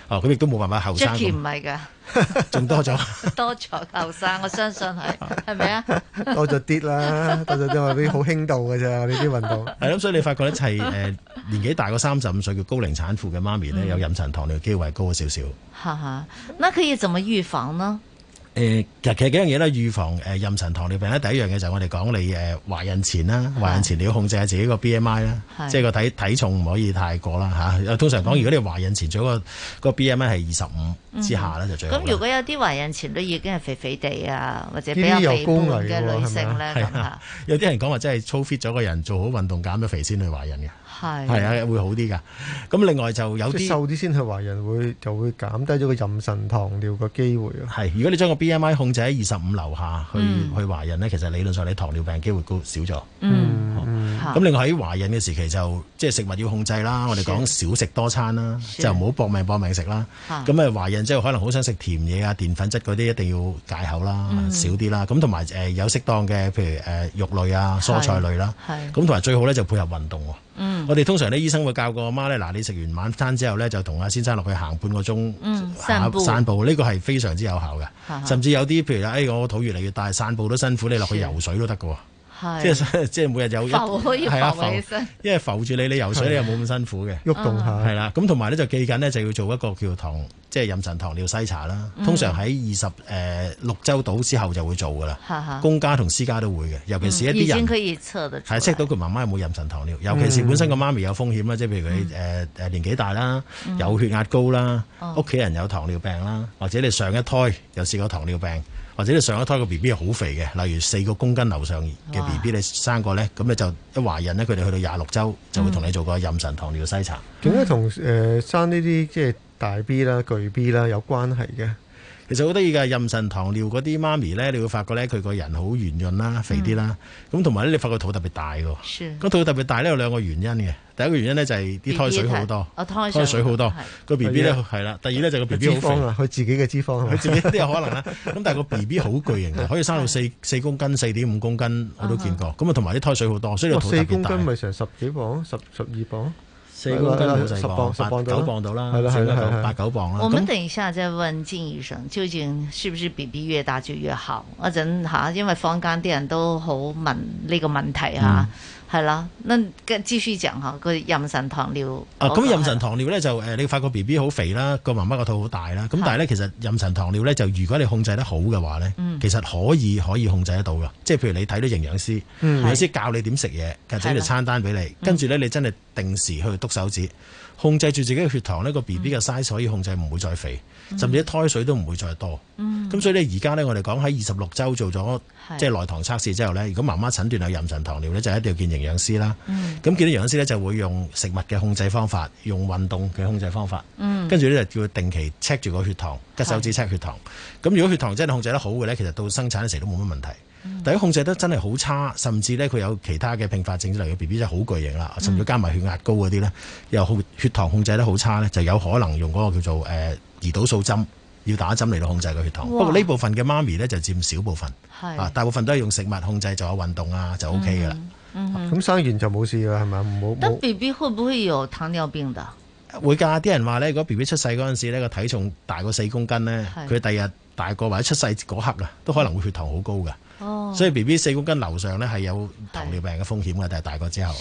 啊，咁亦都冇辦法後生。唔係㗎。仲 多咗 了， 多咗後生，我相信係，係咪啊？多咗啲啦，多咗啲話啲好輕度嘅咋，呢啲運動係咯，所以你發覺一係誒、呃、年紀大過三十五歲嘅高齡產婦嘅媽咪咧，嗯、有妊娠糖尿病機會高咗少少。哈哈，那可以怎麼預防呢？誒、呃，其實幾樣嘢咧，預防誒妊娠糖尿病咧，第一樣嘢就係我哋講你誒懷孕前啦，懷孕前你要控制下自己個 B M I 啦，即係個體體重唔可以太過啦吓、啊。通常講如果你懷孕前最好、那個 B M I 係二十五之下咧，嗯、哼就最好。咁、嗯、如果有啲懷孕前都已經係肥肥地啊，或者比較肥胖嘅女性咧，有啲就 人講話真係操 fit 咗個人，做好運動減咗肥先去懷孕嘅。係，啊，會好啲噶。咁另外就有啲瘦啲先去懷孕會，就會減低咗個妊娠糖尿嘅機會。係，如果你將個 B M I 控制喺二十五樓下去，嗯、去懷孕，其實理論上你的糖尿病機會都少咗。嗯，咁、嗯、另外喺懷孕嘅時期就，即係食物要控制啦。的我哋講少食多餐啦，的就唔好搏命搏命食啦。咁啊懷孕之後可能好想食甜嘢啊，澱粉質嗰啲一定要戒口啦，嗯、少啲啦。咁同埋有適當嘅，譬如肉類啊、蔬菜類啦。咁同埋最好呢，就配合運動。嗯，我哋通常咧，醫生會教個阿媽咧，嗱，你食完晚餐之後咧，就同阿先生落去行半個鐘，散、嗯、散步，呢個係非常之有效嘅，嗯、甚至有啲譬如話，哎，我肚越嚟越大，散步都辛苦，你落去游水都得㗎喎。即係即係每日有一浮，因為浮住你，你游水你又冇咁辛苦嘅，喐動下啦。咁同埋咧就記緊咧就要做一個叫糖，即係妊娠糖尿病篩查啦。通常喺二十誒六周到之後就會做噶啦。公家同私家都會嘅，尤其是一啲人係識到佢媽媽有冇妊娠糖尿，尤其是本身個媽咪有風險啦，即係譬如佢誒誒年紀大啦，有血壓高啦，屋企人有糖尿病啦，或者你上一胎又試過糖尿病。或者你上一胎個 B B 係好肥嘅，例如四個公斤以上嘅 B B 你生過咧，咁你哇就一懷孕咧，佢哋去到廿六週就會同你做個妊娠糖尿嘅篩查。點解同誒生呢啲即係大 B 啦、巨 B 啦有關係嘅？其實好得意噶妊娠糖尿嗰啲媽咪咧，你會發覺咧佢個人好圓潤啦，肥啲啦，咁同埋咧你發覺是肚特別大噶。咁肚特別大咧有兩個原因嘅，第一個原因咧就係啲胎水好多，寶寶胎，胎水好多，個 B B 咧係啦。第二咧就個 B B 好肥啊，佢自己嘅脂肪啊佢自己都、啊、 有可能啦。咁但係個 B B 好巨型嘅，可以生到四四公斤、四點五公斤，我都見過。咁啊同埋啲胎水好多，所以你肚特別大。四公斤咪成、哦、十幾磅、十十二磅。四磅到十磅，九磅到啦，係啦，係啦，八九磅啦。我們等一下再問靳醫生，究竟是不是 BB 越大就越好？一陣吓，因為坊間啲人都好問呢個問題吓。係啦，咁跟住講吓，佢妊娠糖尿、那個。啊，咁妊娠糖尿咧的就誒，你發覺 B B 好肥啦，個媽媽個肚好大啦，咁但係咧其實妊娠糖尿咧就如果你控制得好嘅話咧，的其實可以可以控制得到噶，即係譬如你睇到營養師，營養師教你點食嘢，其實整條餐單俾你，的跟住咧你真係定時去督手指，控制住自己嘅血糖，呢個 B B 嘅 size 可以控制唔、嗯、會再肥。甚至啲胎水都唔會再多，咁、嗯、所以咧，而家咧，我哋講喺二十六週做咗即係內糖測試之後咧，如果媽媽診斷有妊娠糖尿咧，就一定要見營養師啦。咁、嗯、見到營養師咧，就會用食物嘅控制方法，用運動嘅控制方法，跟住呢，就叫佢定期 check 住個血糖，拮手指 check 血糖。咁是如果血糖真係控制得好嘅咧，其實到生產嗰時都冇乜問題。嗯、但係控制得真係好差，甚至咧佢有其他嘅併發症之類嘅 B B 真係好巨型啦，甚至加埋血壓高嗰啲咧，又血糖控制得好差咧，就有可能用嗰個叫做、呃胰島素針要打針嚟到控制個血糖，哇不過呢部分嘅媽咪咧就佔少部分，啊是大部分都係用食物控制，做下運動就、嗯嗯、啊就 O K 嘅啦。咁生完就冇事啦，係咪啊？冇。但 B B 會唔會有糖尿病嘅？會㗎，啲人話咧，如果 B B 出世嗰陣時咧個體重大過四公斤咧，佢第是日，日大個或者出世嗰刻啊，都可能會血糖好高嘅。哦，所以 B B 四公斤樓上咧係有糖尿病嘅風險㗎，但係是大個之後。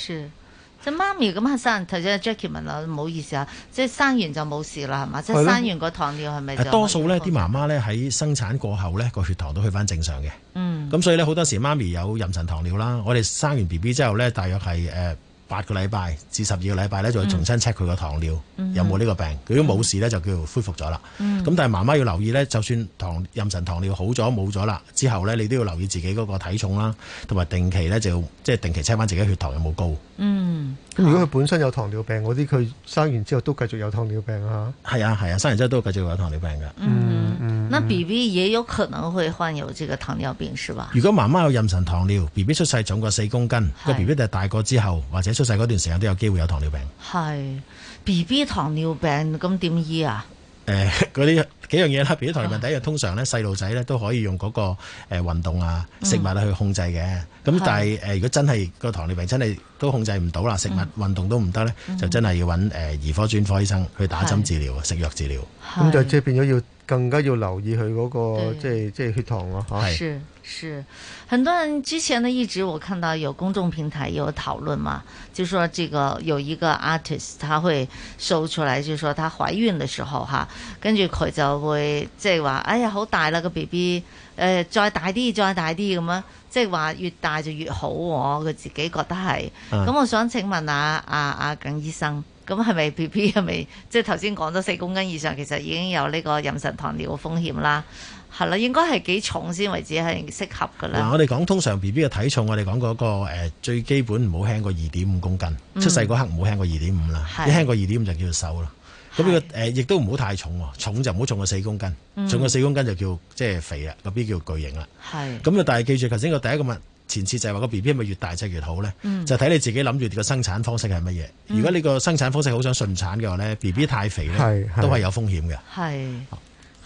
就媽咪咁啊生人頭，頭先 Jackie 問啦，唔好意思啊，即生完就冇事啦係嘛？即係生完個糖尿係咪？多數咧啲媽媽咧喺生產過後咧個血糖都去翻正常嘅。嗯，咁所以咧好多時媽咪有妊娠糖尿啦。我哋生完 B B 之後咧，大約係誒，呃八個禮拜至十二個禮拜咧，就會重新 check 佢個糖尿有冇呢個病。如果冇事咧，就叫做恢復咗啦。咁但係媽媽要留意咧，就算糖妊娠糖尿好咗冇咗啦，之後咧你都要留意自己嗰個體重啦，同埋定期咧就要即係定期 check 翻自己血糖有冇高。嗯，咁如果佢本身有糖尿病，嗰啲佢生完之後都繼續有糖尿病啊。係啊係啊，生完之後都繼續有糖尿病噶、啊啊。嗯，那 B B 也有可能會患有這個糖尿病是吧？如果媽媽有妊娠糖尿，B B 出世重過四公斤，個 B B 就大個之後或者。出世嗰段時間都有機會有糖尿病，係 BB 糖尿病，咁點醫啊？誒嗰啲幾樣嘢啦，BB 糖尿病第一日、哦、通常咧細路仔咧都可以用嗰個誒運動啊、嗯、食物咧去控制嘅，咁、嗯、但係誒如果真係個糖尿病真係都控制唔到啦，嗯、食物運動都唔得咧，嗯、就真係要搵誒兒科專科醫生去打針治療、是食藥治療，咁就即係變咗要。更加要留意佢、那個對即係即係血糖咯、啊、嚇。是是、是，很多人之前呢一直我看到有公眾平台有討論嘛，就說這個有一個 artist，他會 show 出嚟，就是說她懷孕的時候吓、啊，跟住佢就會即係話，哎呀好大啦、這個 B B，誒再大啲再大啲咁樣，即係話越大就越好，佢自己覺得係。咁我想請問下阿阿靳醫生。咁係咪 B B 係咪即係頭先講咗四公斤以上，其實已經有呢個妊娠糖尿嘅風險啦，係啦，應該係幾重先為止係適合㗎啦？嗱，我哋講通常 B B 嘅體重，我哋講嗰個、呃、最基本唔好輕過二點五公斤，嗯、出世嗰刻唔好輕過二點五啦，是輕過二點五就叫做瘦啦。咁呢是、這個亦、呃、都唔好太重喎、啊，重就唔好重過四公斤，嗯、重過四公斤就叫即係、就是、肥啦，嗰啲叫巨型啦。係是。咁但係記住頭先個第一個問。前次就係話個 B B 咪越大隻越好咧，就睇你自己諗住個生產方式係乜嘢。如果你個生產方式好想順產嘅話咧，B B 太肥咧，都係有風險嘅。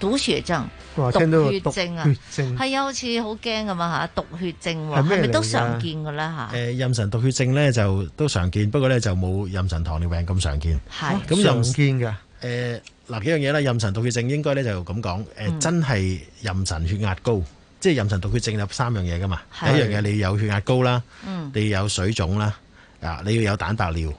毒血症、毒血症啊，係啊，好似好驚咁啊吓！毒血症係咪都常見噶咧吓？誒，妊娠毒血症咧就都常見，不過咧就冇妊娠糖尿病咁常見。係，咁又唔見噶。誒，嗱幾樣嘢啦，妊娠毒血症應該咧就咁講，誒真係妊娠血壓高，即係妊娠毒血症有三樣嘢噶嘛，第一樣嘢你有血壓高啦，你有水腫啦，啊你要有蛋白尿，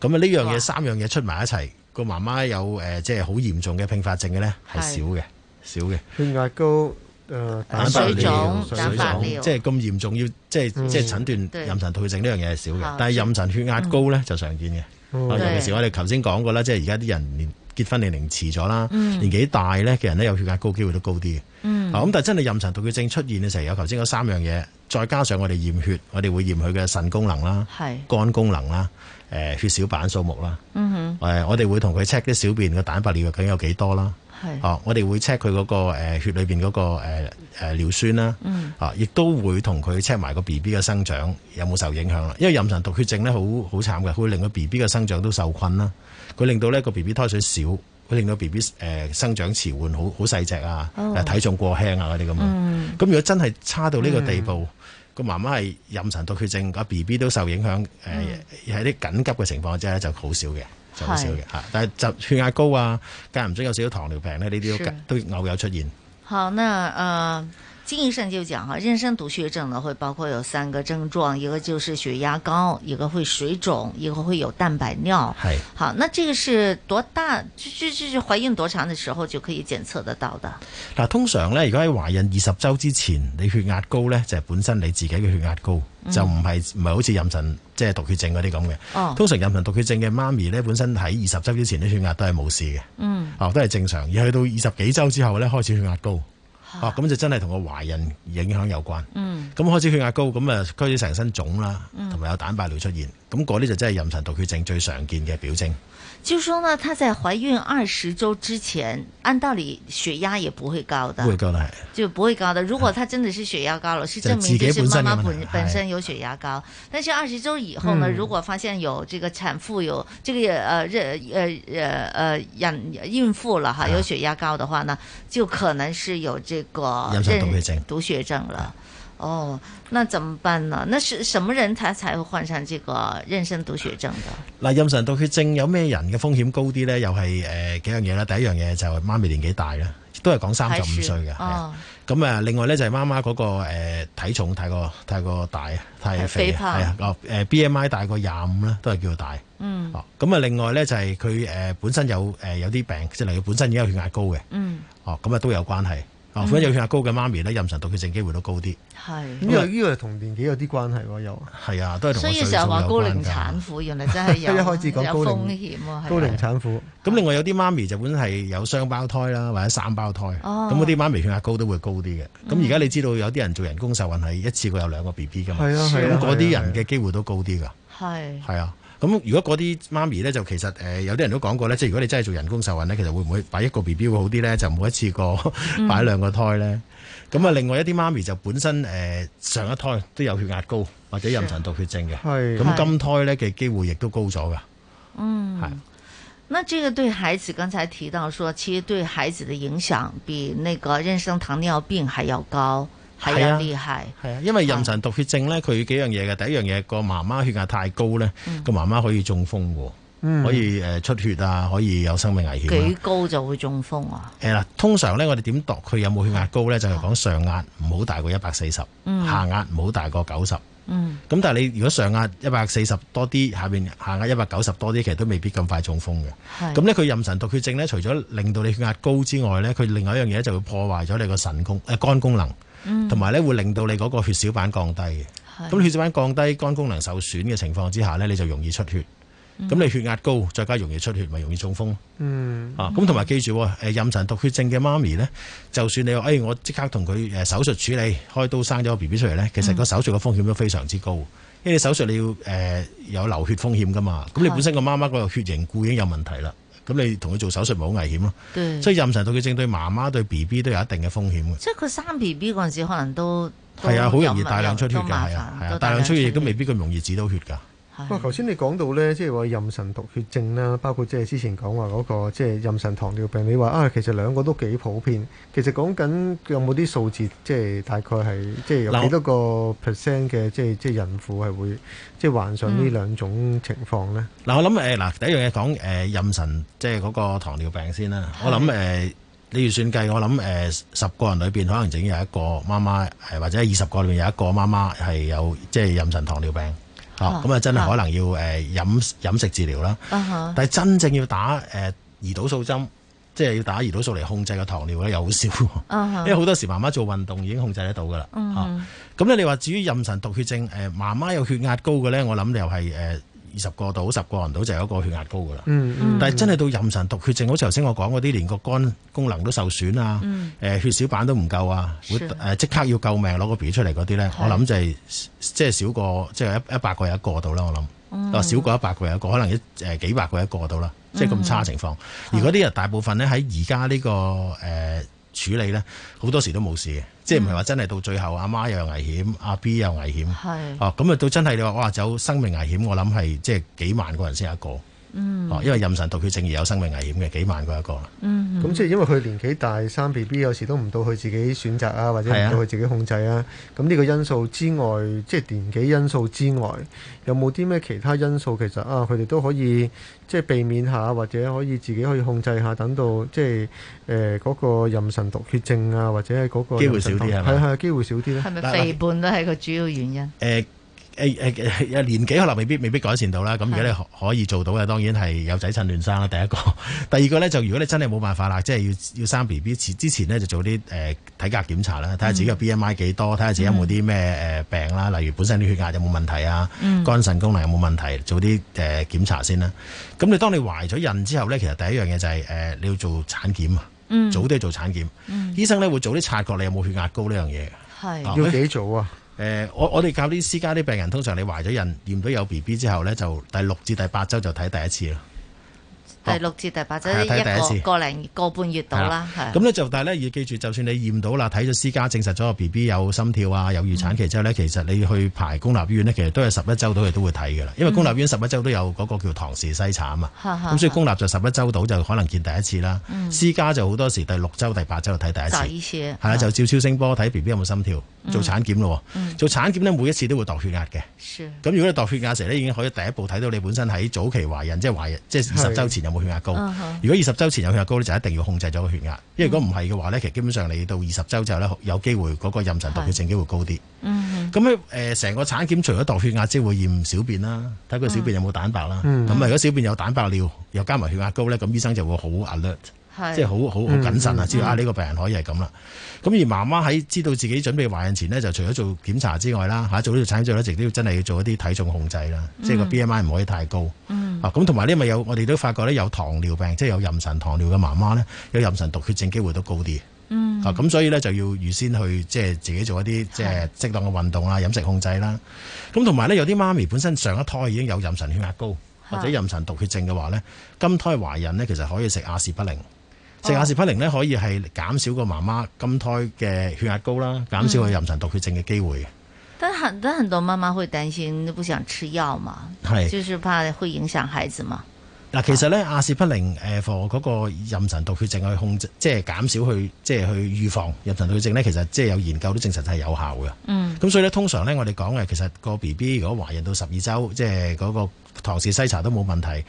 咁啊呢樣嘢三樣嘢出埋一齊。個媽媽有誒即係好嚴重嘅併發症嘅咧，係少嘅，少嘅。血壓高誒，腎水腫，水腫，即係咁嚴重要即係即係診斷妊娠毒血症呢樣嘢係少嘅，但係妊娠血壓高咧就常見嘅。尤其是我哋頭先講過啦，即係而家啲人年結婚年齡遲咗啦，年紀大咧嘅人咧有血壓高機會都高啲嘅。咁，但係真係妊娠毒血症出現嘅時候，有頭先嗰三樣嘢，再加上我哋驗血，我哋會驗佢嘅腎功能啦，肝功能啦。誒，血小板數目啦，嗯誒哼、呃，我哋會同佢 check 啲小便嘅蛋白尿究竟有幾多啦？係是，哦、啊，我哋會 check 佢嗰個誒、呃、血裏邊嗰、那個誒誒尿酸啦，嗯、啊，亦都會同佢 check 埋個 B B 嘅生長有冇受影響啦。因為妊娠毒血症咧，好好慘嘅，會令個 B B 嘅生長都受困啦。佢令到咧個 B B 胎水少，佢令到 B B 誒、呃、生長遲緩，好好細隻啊，哦、體重過輕啊嗰啲咁啊。咁、嗯、如果真係差到呢個地步。嗯個媽媽係妊娠毒血症，個 B B 都受影響。誒、嗯，喺啲、呃、緊急嘅情況之下就好少嘅，就好少嘅嚇是、啊。但係就血壓高啊，間唔中有少少糖尿病咧，呢啲都，是都偶有出現。好，那誒。呃靳醫生就講哈，妊娠毒血症呢會包括有三個症狀，一個就是血壓高，一個會水腫，一個會有蛋白尿。係是好，那這個是多大？就就就懷孕多長的時候就可以檢測得到的？嗱，通常呢，如果喺懷孕二十周之前，你血壓高呢，就係、是、本身你自己嘅血壓高，就唔係唔係好似妊娠即係、就是、毒血症嗰啲咁嘅。哦，通常妊娠毒血症嘅媽咪呢，本身喺二十周之前啲血壓都係冇事嘅。嗯，啊、哦，都係正常，而去到二十幾周之後呢，開始血壓高。哦，咁、啊、就真係同個懷孕影響有關。嗯，咁開始血壓高，咁啊，開始成身腫啦，同埋有，有蛋白尿出現，咁嗰啲就真係妊娠毒血症最常見嘅表徵。就說呢，她在懷孕二十周之前，嗯、按道理血壓也不會高的，不會高啦，就唔會高的。如果她真的是血壓高了，嗯、是證明就是媽媽本本身有血壓高。是是但是二十週以後呢，嗯、如果發現有這個產婦有這個呃，呃，呃，呃孕孕婦了哈，有血壓高的話呢，就可能是有這個。個妊娠任毒血症了，是哦，那怎麼辦呢？那是什麼人，他才會患上這個妊娠毒血症的？嗱，妊娠毒血症有咩人嘅風險高啲咧？又係誒、呃、幾樣嘢啦。第一樣嘢就係媽咪年紀大啦，都係講三十五歲嘅。咁、哦、啊，另外咧就係媽媽嗰、那個誒、呃、體重太過太過大，太肥係啊，誒、呃、B M I 大過廿五咧都係叫做大。嗯，咁啊、哦，另外咧就係佢誒本身有誒、呃、有啲病，即係例如本身已經有血壓高嘅。嗯，哦，咁啊都有關係。有血壓高嘅媽咪咧，妊娠毒血症機會都高啲。係，咁又呢個同年紀有啲關係喎，又係啊，都係同。所以有時候話高齡產婦，原來真係有有風險喎。高齡產婦，咁另外有啲媽咪就本身係有雙胞胎啦，或者三胞胎，咁嗰啲媽咪血壓高都會高啲嘅。咁而家你知道有啲人做人工受孕係一次過有兩個 BB 㗎嘛？係啊係。咁嗰啲人嘅機會都高啲㗎。係係啊。咁如果嗰啲媽咪咧就其實誒、呃、有啲人都講過咧，即係如果你真係做人工受孕咧，其實會唔會擺一個 B B 會好啲咧？就冇一次過擺兩個胎咧。咁啊、嗯，另外一啲媽咪就本身誒、呃、上一胎都有血壓高或者妊娠毒血症嘅，咁今胎咧嘅的機會亦都高咗噶。嗯，是那這個對孩子剛才提到說，其實對孩子的影響比那個妊娠糖尿病還要高。係啊，係啊，因為妊娠毒血症咧，佢幾樣嘢嘅。第一樣嘢，個媽媽血壓太高咧，個媽媽可以中風，嗯、可以誒出血啊，可以有生命危險。幾高就會中風啊？誒嗱，通常咧，我哋點度佢有冇血壓高咧？就係、是、講上壓唔好大過一百四十，下壓唔好大過九十。咁但係你如果上壓一百四十多啲，下邊下壓一百九十多啲，其實都未必咁快中風嘅。咁咧是，佢妊娠毒血症咧，除咗令到你血壓高之外咧，佢另外一樣嘢就會破壞咗你個腎功誒肝功能。同埋咧，嗯、會令到你嗰個血小板降低嘅。咁是血小板降低，肝功能受損嘅情況之下咧，你就容易出血。咁、嗯、你血壓高，再加容易出血，咪容易中風咯。嗯、啊，咁同埋記住，誒，妊娠毒血症嘅媽咪咧，就算你話誒、哎，我即刻同佢誒手術處理，開刀生咗個 BB 出嚟，咧其實個手術嘅風險都非常之高，嗯、因為手術你要誒、呃、有流血風險噶嘛。咁是你本身個媽媽嗰個血型固已經有問題啦。咁你同佢做手術咪好危險咯，對所以妊娠糖尿病對媽媽對 B B 都有一定嘅風險嘅。即係佢生 B B 嗰陣時，可能都係啊，好容易大量出血㗎，係啊，係啊，大量出血亦都未必咁容易止到血㗎。哇！頭先、啊、你講到咧，即係話妊娠毒血症啦，包括即係之前講話嗰個即係妊娠糖尿病。你話啊，其實兩個都幾普遍。其實講緊有冇啲數字，即係大概係即係有幾多個 percent 嘅，即係即係孕婦係會即係患上呢兩種情況咧？嗱、嗯嗯嗯，我諗誒，嗱、呃、第一樣嘢講誒妊娠即係嗰個糖尿病先啦。的我諗誒、呃，你預算計，我諗誒十個人裏邊可能整有一個媽媽係，或者二十個裏邊有一個媽媽係有即係妊娠糖尿病。吓，咁啊、哦、真係可能要誒飲飲食治療啦，啊、但係真正要打誒、呃、胰島素針，即係要打胰島素嚟控制個糖尿咧，又好少，啊、因為好多時媽媽做運動已經控制得到噶啦，咁咧、嗯哼啊、你話至於妊娠毒血症，誒媽媽有血壓高嘅咧，我諗你又係誒。呃二十個到十個人到就有一個血壓高噶啦，嗯嗯、但係真係到妊娠毒血症，好似頭先我講嗰啲，連個肝功能都受損啊、嗯呃，血小板都唔夠啊，呃、即刻要救命攞個 B 出嚟嗰啲咧，我諗就係即係少過即係一一百個有一個到啦，我諗、嗯，啊少過一百個有一個，可能一、呃、幾百個一個到啦，即係咁差情況。嗯、而嗰啲人是大部分咧喺而家呢個、呃處理咧，好多時都冇事嘅，即係唔係話真係到最後阿媽又有危險，阿 B 又危險，哦咁是的 啊到真係你話哇就生命危險，我諗係即係幾萬個人先一個。哦，嗯、因為妊娠毒血症而有生命危險嘅幾萬個一個，咁即係因為佢年紀大生 B B，有時都唔到佢自己選擇啊，或者唔到佢自己控制是啊，啊。咁呢個因素之外，即係年紀因素之外，有冇啲咩其他因素其實啊，佢哋都可以即係避免下，或者可以自己可以控制下，等到即係誒嗰個妊娠毒血症啊，或者係嗰個機會少啲啊，係係機會少啲咧，係咪肥胖都係個主要原因？誒。年紀可能未必未必改善到啦。咁如果你可以做到嘅，當然係有仔趁嫩生啦。第一個，第二個咧就，如果你真係冇辦法啦，即係要要生 B B 之前呢，就做啲誒體格檢查啦，睇下自己個 B M I 幾多，睇下自己有冇啲咩誒病啦，例如本身啲血壓有冇問題啊，肝腎功能有冇問題，做啲誒檢查先啦。咁你當你懷咗孕之後咧，其實第一樣嘢就係、是、誒、呃、你要做產檢啊，早啲做產檢，嗯、醫生咧會早啲察覺你有冇血壓高呢樣嘢。係要幾早啊？誒、呃，我我哋教啲私家啲病人，通常你懷咗孕驗到有 BB 之後咧，就第六至第八週就睇第一次啦。第六至第八周咧，一個個零個半月到啦，咁咧就，但係咧要記住，就算你驗到啦，睇咗私家，證實咗個 B B 有心跳啊，有預產期之後咧，其實你去排公立醫院咧，其實都係十一周到，佢都會睇嘅啦。因為公立醫院十一周都有嗰個叫唐氏篩查啊嘛。咁所以公立就十一周到，就可能見第一次啦。私家就好多時第六周、第八週睇第一次。係啊，就照超聲波睇 B B 有冇心跳，做產檢咯。做產檢咧，每一次都會度血壓嘅。咁如果你度血壓時咧，已經可以第一步睇到你本身喺早期懷孕，即係懷孕，即係二十周前有血壓高，如果二十周前有血壓高咧，就一定要控制咗個血壓，因為如果唔係嘅話咧，其實基本上你到二十周之後咧，有機會嗰個妊娠毒血症機會高啲。咁咧的，誒，成個產檢除咗度血壓，即係會驗小便啦，睇佢小便有冇蛋白啦。咁的如果小便有蛋白尿，又加埋血壓高咧，咁醫生就會好 alert。即係好好好謹慎啊！知道啊，呢個病人可以係咁啦。咁、嗯嗯、而媽媽喺知道自己準備懷孕前呢，就除咗做檢查之外啦，嚇做啲產檢，做一啲，都要真係要做一啲體重控制啦。即係個 B M I 唔可以太高。咁同埋呢咪有我哋都發覺呢，有糖尿病，即、就、係、是、有妊娠糖尿嘅媽媽呢，有妊娠毒血症機會都高啲。咁、嗯啊、所以呢，就要預先去即係、就是、自己做一啲、就是、即係適當嘅運動啦、飲食控制啦。咁同埋呢，有啲媽咪本身上一胎已經有妊娠血壓高或者妊娠毒血症嘅話呢是，今胎懷孕呢，其實可以食亞士匹靈。即係、哦、阿士匹靈咧，可以係減少個媽媽今胎嘅血壓高啦，減少佢妊娠毒血症嘅機會。但係、嗯，但係好多媽媽會擔心，都不想吃藥嘛？係是，就是怕會影響孩子嘛？嗱，其實咧，好阿士匹靈誒，for 嗰個妊娠毒血症去控制，即係減少去，即係去預防妊娠毒血症咧。其實，即係有研究都證實係有效嘅。嗯，咁所以咧，通常咧，我哋講嘅其實個 B B 如果懷孕到十二週，即係嗰、那個。唐氏篩查都冇問題、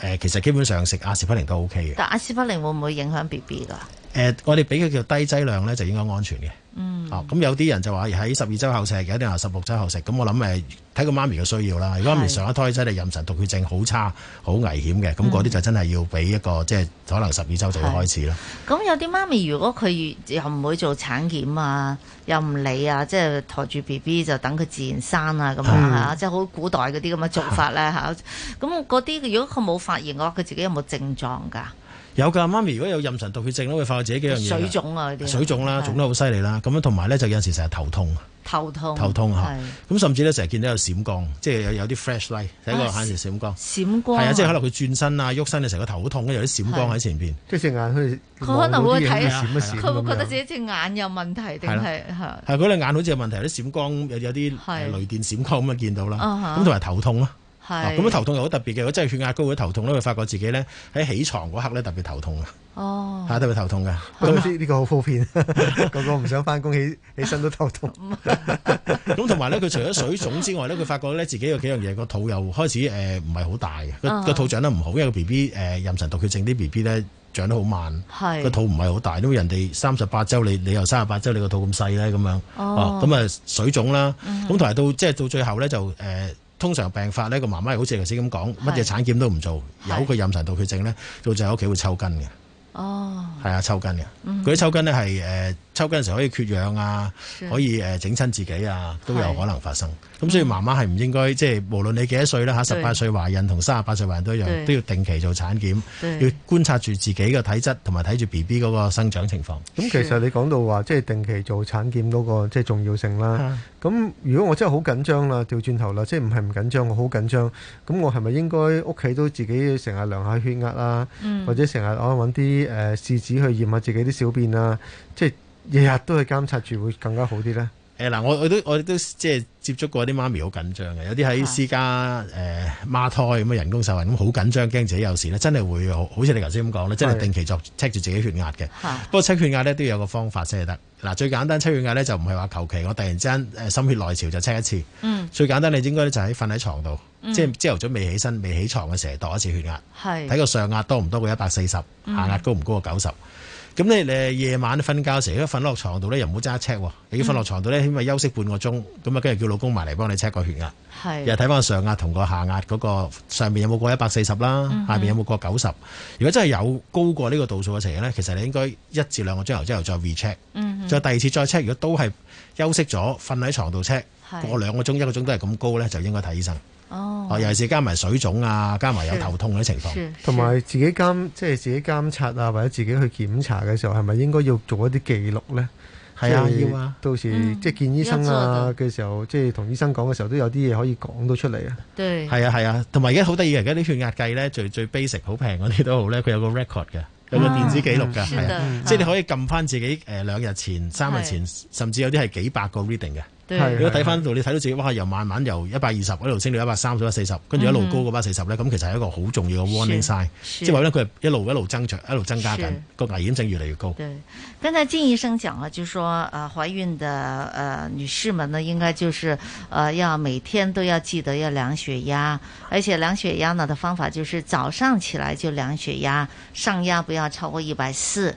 呃，其實基本上食阿司匹靈都 OK 嘅。但阿司匹靈會唔會影響 BB 㗎？誒、呃，我哋俾佢叫低劑量咧，就應該安全嘅。嗯，咁、嗯、有啲人就話喺十二周後食嘅，有啲人十六周後食。咁我諗誒，睇個媽咪嘅需要啦。如果媽咪上一胎真係妊娠毒血症好差、好危險嘅，咁嗰啲就真係要俾一個、嗯、即係可能十二周就要開始啦。咁有啲媽咪如果佢又唔會做產檢啊，又唔理啊，即係抬住 B B 就等佢自然生啊，咁、嗯、樣啊，即係好古代嗰啲咁嘅做法咧嚇。咁嗰啲如果佢冇發現嘅話，佢自己有冇症狀㗎？有噶，媽咪如果有妊娠毒血症咧，會發覺自己幾樣嘢。水腫啊，啲水腫啦，腫得好犀利啦。咁樣同埋咧，就有陣時成日頭痛。頭痛。頭痛吓。咁甚至咧，成日見到有閃光，即係有有啲 flash light，睇個眼成閃光。閃光。係啊，即係可能佢轉身啊、喐身啊，成個頭好痛，有啲閃光喺前面。即係隻眼佢。佢可能會睇，佢會覺得自己隻眼有問題定係係。佢隻眼好似有問題，有啲閃光，有有啲雷電閃光咁見見到啦。咁同埋頭痛啦。咁啊！是哦、頭痛又好特別嘅，如果真係血壓高，咁頭痛咧，佢發覺自己咧喺起床嗰刻咧特別頭痛啊！哦，係特別頭痛噶，咁呢呢個好普遍， 個個唔想翻工，起起身都頭痛。咁同埋咧，佢除咗水腫之外咧，佢發覺咧自己有幾樣嘢，個肚又開始誒唔係好大嘅，個、嗯、哼肚長得唔好，因為個 B B 誒妊娠毒血症啲 B B 咧長得好慢，個是肚唔係好大。因為人哋三十八周，你你又三十八周，你個肚咁細咧咁樣，咁啊、哦哦、水腫啦，咁同埋到即係、就是、到最後咧就誒。呃通常病發，呢個媽媽好似頭先咁講，乜嘢產檢都唔做，是有佢妊娠毒血症呢，到就喺屋企會抽筋嘅。哦，係呀、啊，抽筋嘅，佢啲抽筋呢係、呃抽筋嘅時候可以缺氧啊，的可以誒整親自己啊，都有可能發生。咁的所以媽媽係唔應該即係，就是、無論你幾多歲啦嚇，十八歲懷孕同三十八歲懷孕都一樣，的都要定期做產檢，的要觀察住自己嘅體質同埋睇住 B B 嗰個生長情況。咁的其實你講到話即係定期做產檢嗰個即係重要性啦。咁的如果我真係好緊張啦，掉轉頭啦，即係唔係唔緊張，我好緊張，咁我係咪應該屋企都自己成日量下血壓啊，的或者成日我搵啲誒試紙去驗下自己啲小便啊，即係？日日都係監察住會更加好啲咧。誒嗱，我我都我都即係接觸過啲媽咪好緊張嘅，有啲喺私家誒孖胎咁嘅人工受孕咁好緊張，驚自己有事咧，真係會好似你頭先咁講咧，真係定期做 check 住自己血壓嘅。是的 不過 check 血壓咧都要有個方法先得。嗱最簡單 check 血壓咧就唔係話求其我突然之間誒心血來潮就 check 一次。最簡單你、嗯、應該就喺瞓喺床度，嗯、即係朝頭早未起身未起床嘅時候度一次血壓，睇個上壓多唔多過一百四十，下壓高唔高過九十。咁你誒夜晚瞓覺時，成日都瞓落床度咧，又唔好揸一 check 你如果瞓落床度咧，起碼休息半個鐘，咁啊跟住叫老公埋嚟幫你 check 個血壓，是又睇翻上壓同個下壓嗰、嗰個上面有冇過一百四十啦，下邊有冇過九十？如果真係有高過呢個度數嘅情形咧，其實你應該一至兩個鐘頭之後再 recheck、嗯、哼再第二次再 check。如果都係休息咗瞓喺床度 check，過兩個鐘一個鐘都係咁高咧，就應該睇醫生。哦，尤其是加埋水腫啊，加埋有頭痛嗰啲情況，同埋自己監即係自己監察啊，或者自己去檢查嘅時候，係咪應該要做一啲記錄咧？係啊，要啊，到時即係見醫生啊嘅時候，即係同醫生講嘅時候，都有啲嘢可以講到出嚟啊。對，係啊係啊，同埋而家好得意嘅，而家啲血壓計咧，最最 basic 好平嗰啲都好咧，佢有個 record 嘅，有個電子記錄嘅，係啊，即係你可以撳翻自己誒兩日前、三日前，甚至有啲係幾百個 reading 嘅。對，如果睇翻到你睇到自己，哇！由慢慢由一百二十一路升到一百三十、一百四十，跟住一路高過百四十呢，咁其實係一個好重要嘅 warning sign，即係話呢，佢係一路一路增長、一路增加緊，個是危險性越嚟越高。對，剛才靳醫生講啊，就係說，誒，懷孕的呃女士們呢，應該就是呃要每天都要記得要量血壓，而且量血壓呢的方法就是早上起來就量血壓，上壓不要超過一百四。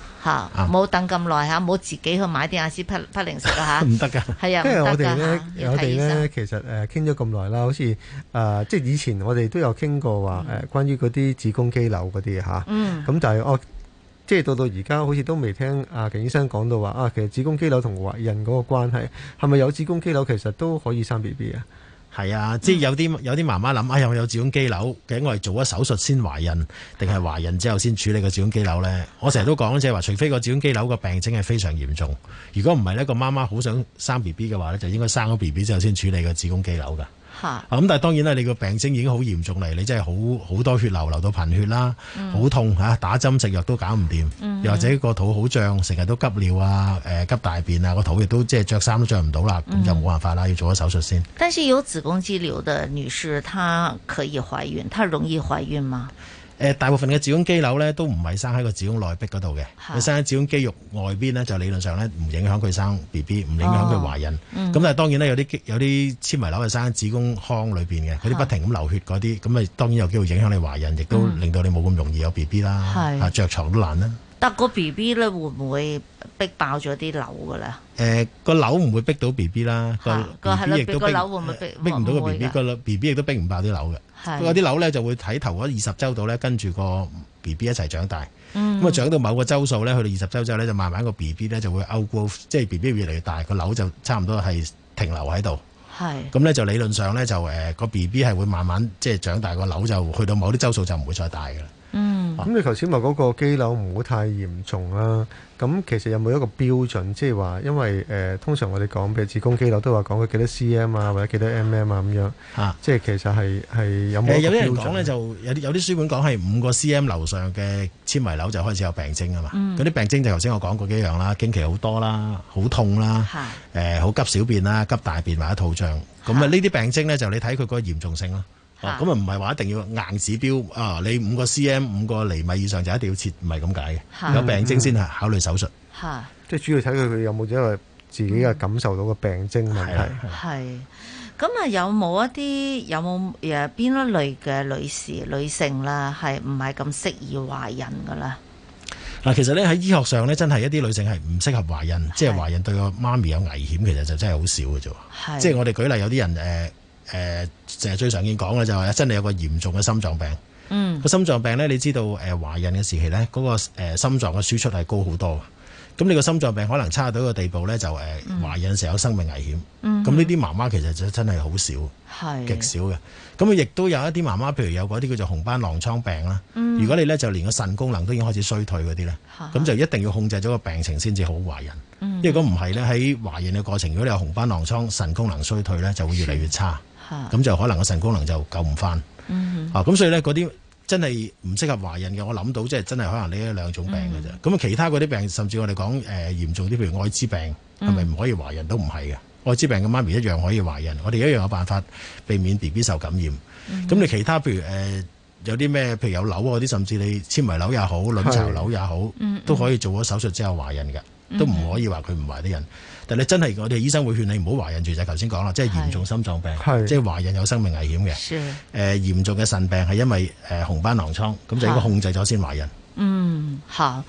嚇冇等咁耐嚇，冇、啊、自己去買啲阿斯匹匹零食啦嚇。唔得㗎，係啊，因為 行的、啊、我哋咧，我哋咧，其實誒傾咗咁耐啦，好似誒、呃、即係以前我哋都有傾過話誒、呃、關於嗰啲子宮肌瘤嗰啲嘅嚇。嗯。咁就係我即係到到而家，好似都未聽阿靳、啊、醫生講到話啊，其實子宮肌瘤同懷孕嗰個關係係咪有子宮肌瘤其實都可以生 B B 啊？係啊，即係有啲有啲媽媽諗啊，有媽媽、哎、有、有子宮肌瘤，究竟我係做咗手術先懷孕，定係懷孕之後先處理個子宮肌瘤呢？我成日都講，即係話，除非個子宮肌瘤個病症係非常嚴重，如果唔係呢，個媽媽好想生 B B 嘅話呢，就應該生咗 B B 之後先處理個子宮肌瘤噶。咁，但係當然咧，你個病徵已經好嚴重嚟，你真係好好多血流流到貧血啦，好痛吓，打針食藥都搞唔掂，又或者個肚好脹，成日都急尿啊，誒急大便啊，個肚亦都即係着衫都着唔到啦，咁就冇辦法啦，要做咗手術先。但是有子宮肌瘤嘅女士，她可以懷孕，她容易懷孕嗎？呃、大部分嘅子宮肌瘤咧都唔係生喺個子宮內壁嗰度嘅，係的生喺子宮肌肉外邊咧，就理論上咧唔影響佢生 B B，唔影響佢懷孕。咁、哦、但係當然咧，有啲有啲纖維瘤係生喺子宮腔裏面嘅，佢啲不停咁流血嗰啲，咁咪的當然有機會影響你懷孕，亦都令到你冇咁容易有 B B 啦，嗯、啊著床都難啦、啊。得個 B B 咧，寶寶會唔會逼爆咗啲樓噶咧？誒、呃，個樓唔會逼到 B B 啦。個個係啦，個樓會唔會逼？逼唔到 B B。個 B B 亦都逼唔爆啲樓嘅。不過啲樓咧就會喺頭嗰二十周度咧，跟住個 B B 一齊長大。咁啊、嗯、長到某個週數咧，去到二十周之後咧，就慢慢個 B B 咧就會 outgrow 即係 B B 越嚟越大，個樓就差唔多係停留喺度。係的。咁咧就理論上咧就誒個 B B 係會慢慢即係長大，那個樓就去到某啲週數就唔會再大嘅啦。嗯，咁你頭先話嗰個肌瘤唔好太嚴重啦，咁其實有冇一個標準，即係話，因為誒通常我哋講，譬如子宮肌瘤都話講佢幾多 cm 啊，或者幾多 mm 啊咁樣，嚇，即係其實係係有冇一個標準？誒，有啲人講咧，就有啲有啲書本講係五個 cm 樓上嘅纖維瘤就開始有病徵啊嘛，嗰啲病徵就頭先我講過幾樣啦，經期好多啦，好痛啦，誒，好急小便啦，急大便或者肚脹，咁啊呢啲病徵咧就你睇佢個嚴重性啦。哦，咁啊唔係話一定要硬指標啊！你五個 cm 五個厘米以上就一定要切，唔係咁解嘅。有的病徵先考慮手術。係的，即係的主要睇佢佢有冇因為自己嘅感受到個病徵問題。係，咁啊有冇一啲有冇誒邊一類嘅女士女性啦，係唔係咁適宜懷孕噶啦？嗱，其實咧喺醫學上咧，真係一啲女性係唔適合懷孕，即係懷孕對個媽咪有危險，其實就真係好少嘅啫。即係的我哋舉例有啲人誒。呃誒，成、呃、最常見講嘅就係真係有個嚴重嘅心臟病。嗯，個心臟病咧，你知道誒懷、呃、孕嘅時期咧，嗰、那個誒、呃、心臟嘅輸出係高好多。咁你個心臟病可能差到一個地步咧，就誒懷、呃嗯、孕時候有生命危險。嗯,嗯，咁呢啲媽媽其實就真真係好少，係是極少嘅。咁亦都有一啲媽媽，譬如有嗰啲叫做紅斑狼瘡病啦。嗯、如果你咧就連個腎功能都已經開始衰退嗰啲咧，咁哈就一定要控制咗個病情先至好,好,好懷孕。因為如果唔係咧，喺懷孕嘅過程，如果你有紅斑狼瘡、腎功能衰退咧，就會越嚟越差。咁就可能個腎功能就救唔翻。嗯、哼啊，咁所以咧嗰啲真係唔適合懷孕嘅，我諗到即係真係可能呢一兩種病嘅啫。咁、嗯、哼其他嗰啲病，甚至我哋講誒嚴重啲，譬如愛滋病，係咪唔可以懷孕？都唔係嘅，愛滋病嘅媽咪一樣可以懷孕。我哋一樣有辦法避免 B B 受感染。咁、嗯、哼你其他譬如誒、呃、有啲咩，譬如有瘤嗰啲，甚至你纖維瘤也好、卵巢瘤也好，的都可以做咗手術之後懷孕嘅，都唔可以話佢唔懷啲、嗯、哼人。但你真係我哋醫生會勸你唔好懷孕住，就係頭先講啦，即係嚴重心臟病，是是即係懷孕有生命危險嘅。誒是，呃，嚴重嘅腎病係因為誒紅斑狼瘡，咁就應該控制咗先懷孕。嗯，好，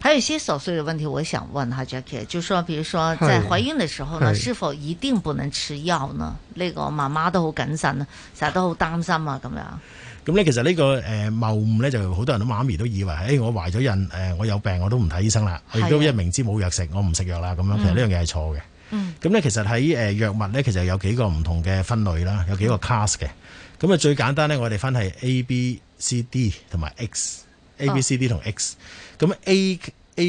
還有一些瑣碎嘅問題，我想問下 Jackie，就說，譬如說在懷孕的時候呢，是，是否一定不能吃藥呢？呢個媽媽都好謹慎，成日都好擔心啊，咁樣。咁咧，其實呢、這個誒、呃、謬誤咧，就好多人都媽咪都以為，誒、欸、我懷咗孕，誒、呃、我有病我都唔睇醫生啦，亦的都一明知冇藥食，我唔食藥啦咁樣。其實呢樣嘢係錯嘅。咁咧、嗯，其實喺誒、呃、藥物咧，其實有幾個唔同嘅分類啦，有幾個 class 嘅。咁啊，最簡單咧，我哋分係 A、B、呃、C、D 同埋 X，A、B、C、D 同 X。咁 A、A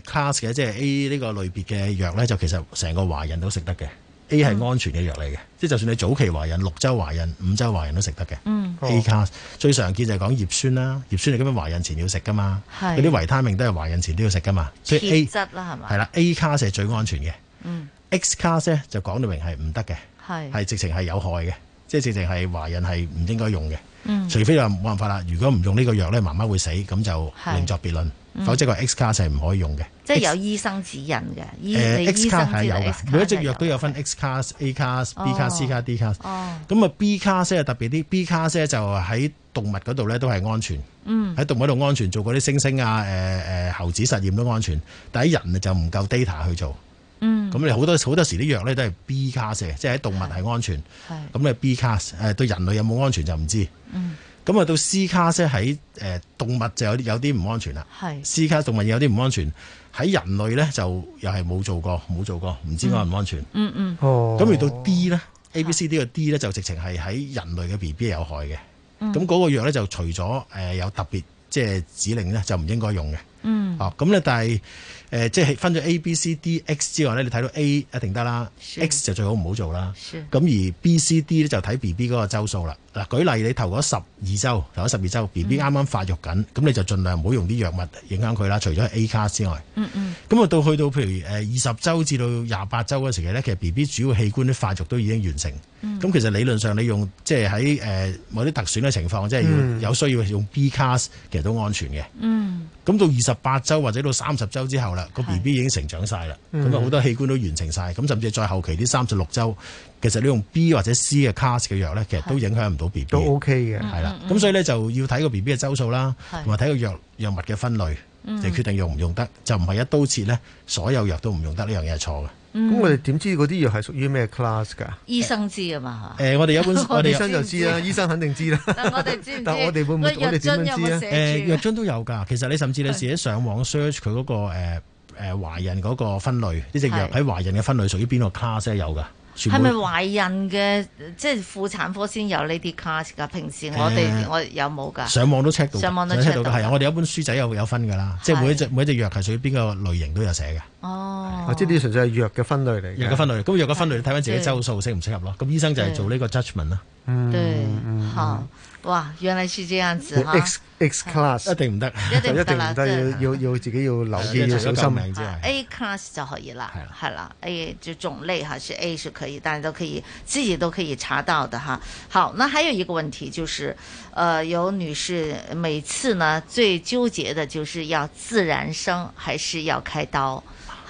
誒 class 嘅，即係 A 呢個類別嘅藥咧，就其實成個華人都食得嘅。A 係安全嘅藥嚟嘅，即係、嗯、就算你早期懷孕、六周懷孕、五周懷孕都食得嘅。嗯，A 卡最常見就係講葉酸啦，葉酸你咁樣懷孕前要食噶嘛，嗰啲維他命都係懷孕前都要食噶嘛，所以 A 質啦係嘛，係啦 A 卡係最安全嘅。嗯，X 卡咧就講到明係唔得嘅，係係是是直情係有害嘅，即係直情係懷孕係唔應該用嘅。嗯、除非話冇辦法啦，如果唔用呢個藥咧，媽媽會死，咁就另作別論。是嗯、否則個 X 卡係唔可以用嘅。即係有醫生指引嘅，醫 X、呃、醫生指引嘅。X 卡係有嘅，每一隻藥都有分 X 卡、class, 的 A 卡、B 卡、C 卡、D 卡。哦，咁啊 B 卡即係特別啲 B 卡咧，就喺動物嗰度咧都係安全。喺、嗯、動物度安全，做嗰啲猩猩啊，誒、呃、誒猴子實驗都安全，但係人就唔夠 data 去做。嗯，咁你好多好、嗯、多時啲藥咧都係 B 卡式，即係喺動物係安全，咁你 B 卡，誒對人類有冇安全就唔知道。嗯，咁啊到 C 卡式，喺誒動物就有有啲唔安全啦。係 C 卡，動物有啲唔安全，喺是人類咧就又係冇做過冇做過，唔知安唔安全。嗯嗯。咁、嗯、而、嗯、到 D 咧，哦、A、B、C D 個 D 咧就直情係喺人類嘅 B、B 有害嘅。咁嗰、嗯、個藥咧就除咗誒有特別即係指令咧，就唔應該用嘅。嗯，咁咧、哦，但係，誒、呃，即係分咗 A、B、C、D、X 之外咧，你睇到 A 一定得啦是，X 就最好唔好做啦。咁是而 B、C、D 咧就睇 B、B 嗰個周數啦。嗱，舉例你頭十二周，頭十二周，B、B 啱啱發育緊，咁、嗯、你就盡量唔好用啲藥物影響佢啦。除咗 A 卡之外，咁啊、嗯嗯、到去到譬如誒二十周至到廿八周嘅時期咧，其實 B、B 主要器官啲發育都已經完成。咁、嗯、其實理論上你用即係喺誒某啲特選嘅情況，即係、嗯、有需要用 B 卡，其實都安全嘅。嗯。咁到二十八周或者到三十周之後啦，個 B B 已經成長晒啦，咁啊好多器官都完成晒。咁甚至再後期啲三十六周，其實你用 B 或者 C 嘅 cast 嘅藥咧，其實都影響唔到 B B。都 OK 嘅、嗯，係啦，咁所以咧就要睇個 B B 嘅周數啦，同埋睇個藥藥物嘅分類嚟、嗯、就決定用唔用得，就唔係一刀切咧，所有藥都唔用得呢樣嘢係錯嘅。咁、嗯、我哋點知嗰啲藥係屬於咩 class 㗎？醫生知啊嘛。誒、呃，我哋有本， 我哋醫生就知啦，知道醫生肯定知啦。但我哋知唔知 但我哋會唔會？我哋點樣知咧？誒、呃，藥樽都有㗎。其實你甚至你自己上網 search 佢嗰個誒誒、呃、華人嗰個分類，呢隻是的 藥喺華人嘅分類屬於邊個 class 有㗎？係咪懷孕嘅，即係婦產科先有呢啲 class 噶？平時我哋的我有冇噶？上網都 check 到，上網都 check 到。係啊的，我哋有一本書仔有有分噶啦，的即係每隻每隻藥係屬於邊個類型都有寫嘅。哦的，即係啲純粹係藥嘅分類嚟。藥嘅分類，咁藥嘅分類你睇翻自己周數適唔適合咯。咁對醫生就係做呢個 judgment 啦。嗯，對，好。哇，原來是這樣子嚇！X X class 一定唔得，一定唔得，要要要自己要留意要小心啲。A class 就可以了係啦，A 就種類哈，是 A 是可以，大家都可以自己都可以查到的哈。好，那還有一個問題就是，呃，有女士每次呢最糾結的就是要自然生還是要開刀？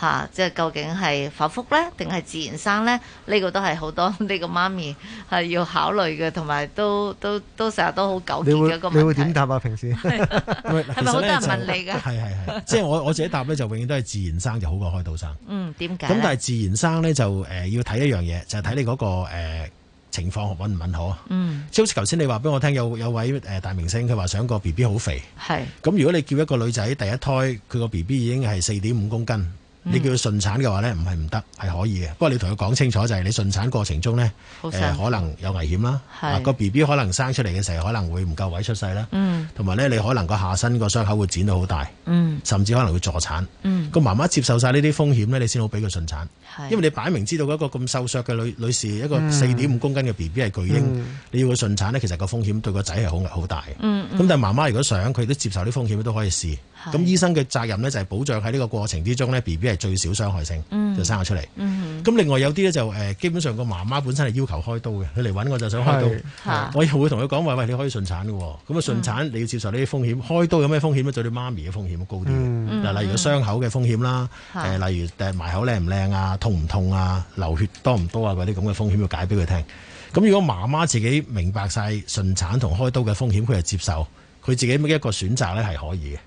嚇！即係、啊、究竟係剖腹咧，定係自然生咧？呢、這個都係好多呢、這個媽咪係要考慮嘅，同埋都都都成日都好糾結嘅個問題。你會點答啊？平時係咪好多人問你㗎？係係係，是是是是 即係我我自己答咧，就永遠都係自然生就好過開刀生。嗯，點解？咁但係自然生咧，就誒、呃、要睇一樣嘢，就係、是、睇你嗰、那個、呃、情況穩唔穩好啊。嗯，即係好似頭先你話俾我聽，有有位誒大明星佢話想個 B B 好肥。係咁是，那如果你叫一個女仔第一胎，佢個 B B 已經係四點五公斤。嗯、你叫佢順產嘅話咧，唔係唔得，係可以嘅。不過你同佢講清楚，就係、是、你順產過程中咧，誒新、呃、可能有危險啦。個 B B 可能生出嚟嘅時候可能會唔夠位出世啦，同埋咧你可能個下身個傷口會剪到好大，嗯、甚至可能會助產。個、嗯、媽媽接受晒呢啲風險咧，你先好俾佢順產。因為你擺明知道一個咁瘦削嘅女女士，一個四點五公斤嘅 B B 係巨嬰，嗯、你要佢順產呢？其實個風險對個仔係好好大。咁、嗯嗯、但係媽媽如果想，佢都接受啲風險都可以試。咁、嗯、醫生嘅責任呢，就係保障喺呢個過程之中呢 B B 係最少傷害性，就生咗出嚟。咁、嗯嗯、另外有啲咧就基本上個媽媽本身係要求開刀嘅，佢嚟揾我就想開刀。我又會同佢講話，喂，你可以順產嘅，咁啊順產、嗯、你要接受呢啲風險，開刀有咩風險咧？對你媽咪嘅風險高啲、嗯、例如傷口嘅風險啦，是例如埋口靚唔靚啊？痛唔痛啊？流血多唔多啊？嗰啲咁嘅風險要解俾佢聽。咁如果媽媽自己明白晒順產同開刀嘅風險，佢係接受佢自己一個選擇呢係可以嘅。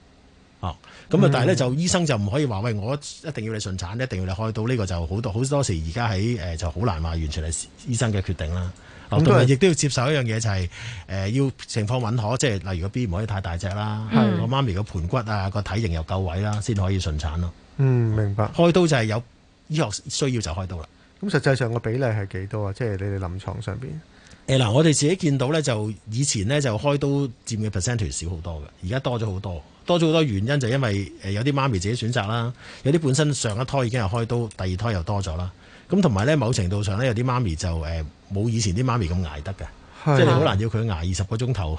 哦、嗯，咁啊，但係呢，就醫生就唔可以話，喂，我一定要你順產，一定要你開刀。呢、呢個就好多好多時而家喺誒就好難話完全係醫生嘅決定啦。咁同埋亦都、啊、要接受一樣嘢就係、是、誒、呃、要情況允可。即係例如個 B 唔可以太大隻啦。我的、啊、媽咪個盤骨啊，個體型又夠位啦，先可以順產咯。啊、嗯，明白。開刀就係有。醫學需要就開刀啦。咁、嗯、實際上個比例係幾多啊？即、就、係、是、你哋臨床上邊，誒，嗱，我哋自己見到咧，就以前咧就開刀佔嘅 percent 少好多嘅，而家多咗好多，多咗好多原因就因為、呃、有啲媽咪自己選擇啦，有啲本身上一胎已經係開刀，第二胎又多咗啦。咁同埋咧，某程度上咧，有啲媽咪就冇、呃、以前啲媽咪咁捱得嘅，的即係你好難要佢捱二十個鐘頭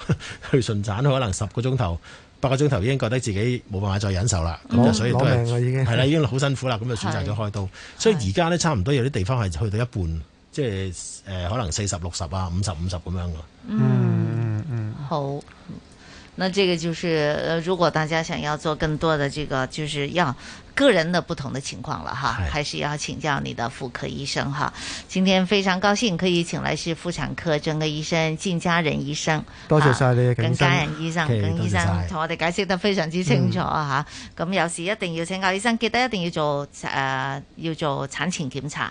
去順產，可能十個鐘頭。八個鐘頭已經覺得自己冇辦法再忍受啦，咁就、嗯、所以都係係啦，已經好辛苦啦，咁就選擇咗開刀。的所以而家呢，差唔多有啲地方係去到一半，的即係誒、呃，可能四十六十啊，五十五十咁樣嘅。嗯嗯，好。那這個就是呃，如果大家想要做更多的這個，就是要個人的不同的情況了哈，是還是要請教你的婦科醫生哈。今天非常高興可以請來是婦產科專科醫生靳嘉仁醫生，多謝晒哈你嘅意見，靳嘉仁醫生、實跟醫生同多謝 我哋解釋得非常之清楚啊、嗯、哈。咁有時一定要請教醫生，記得一定要做呃要做產前檢查。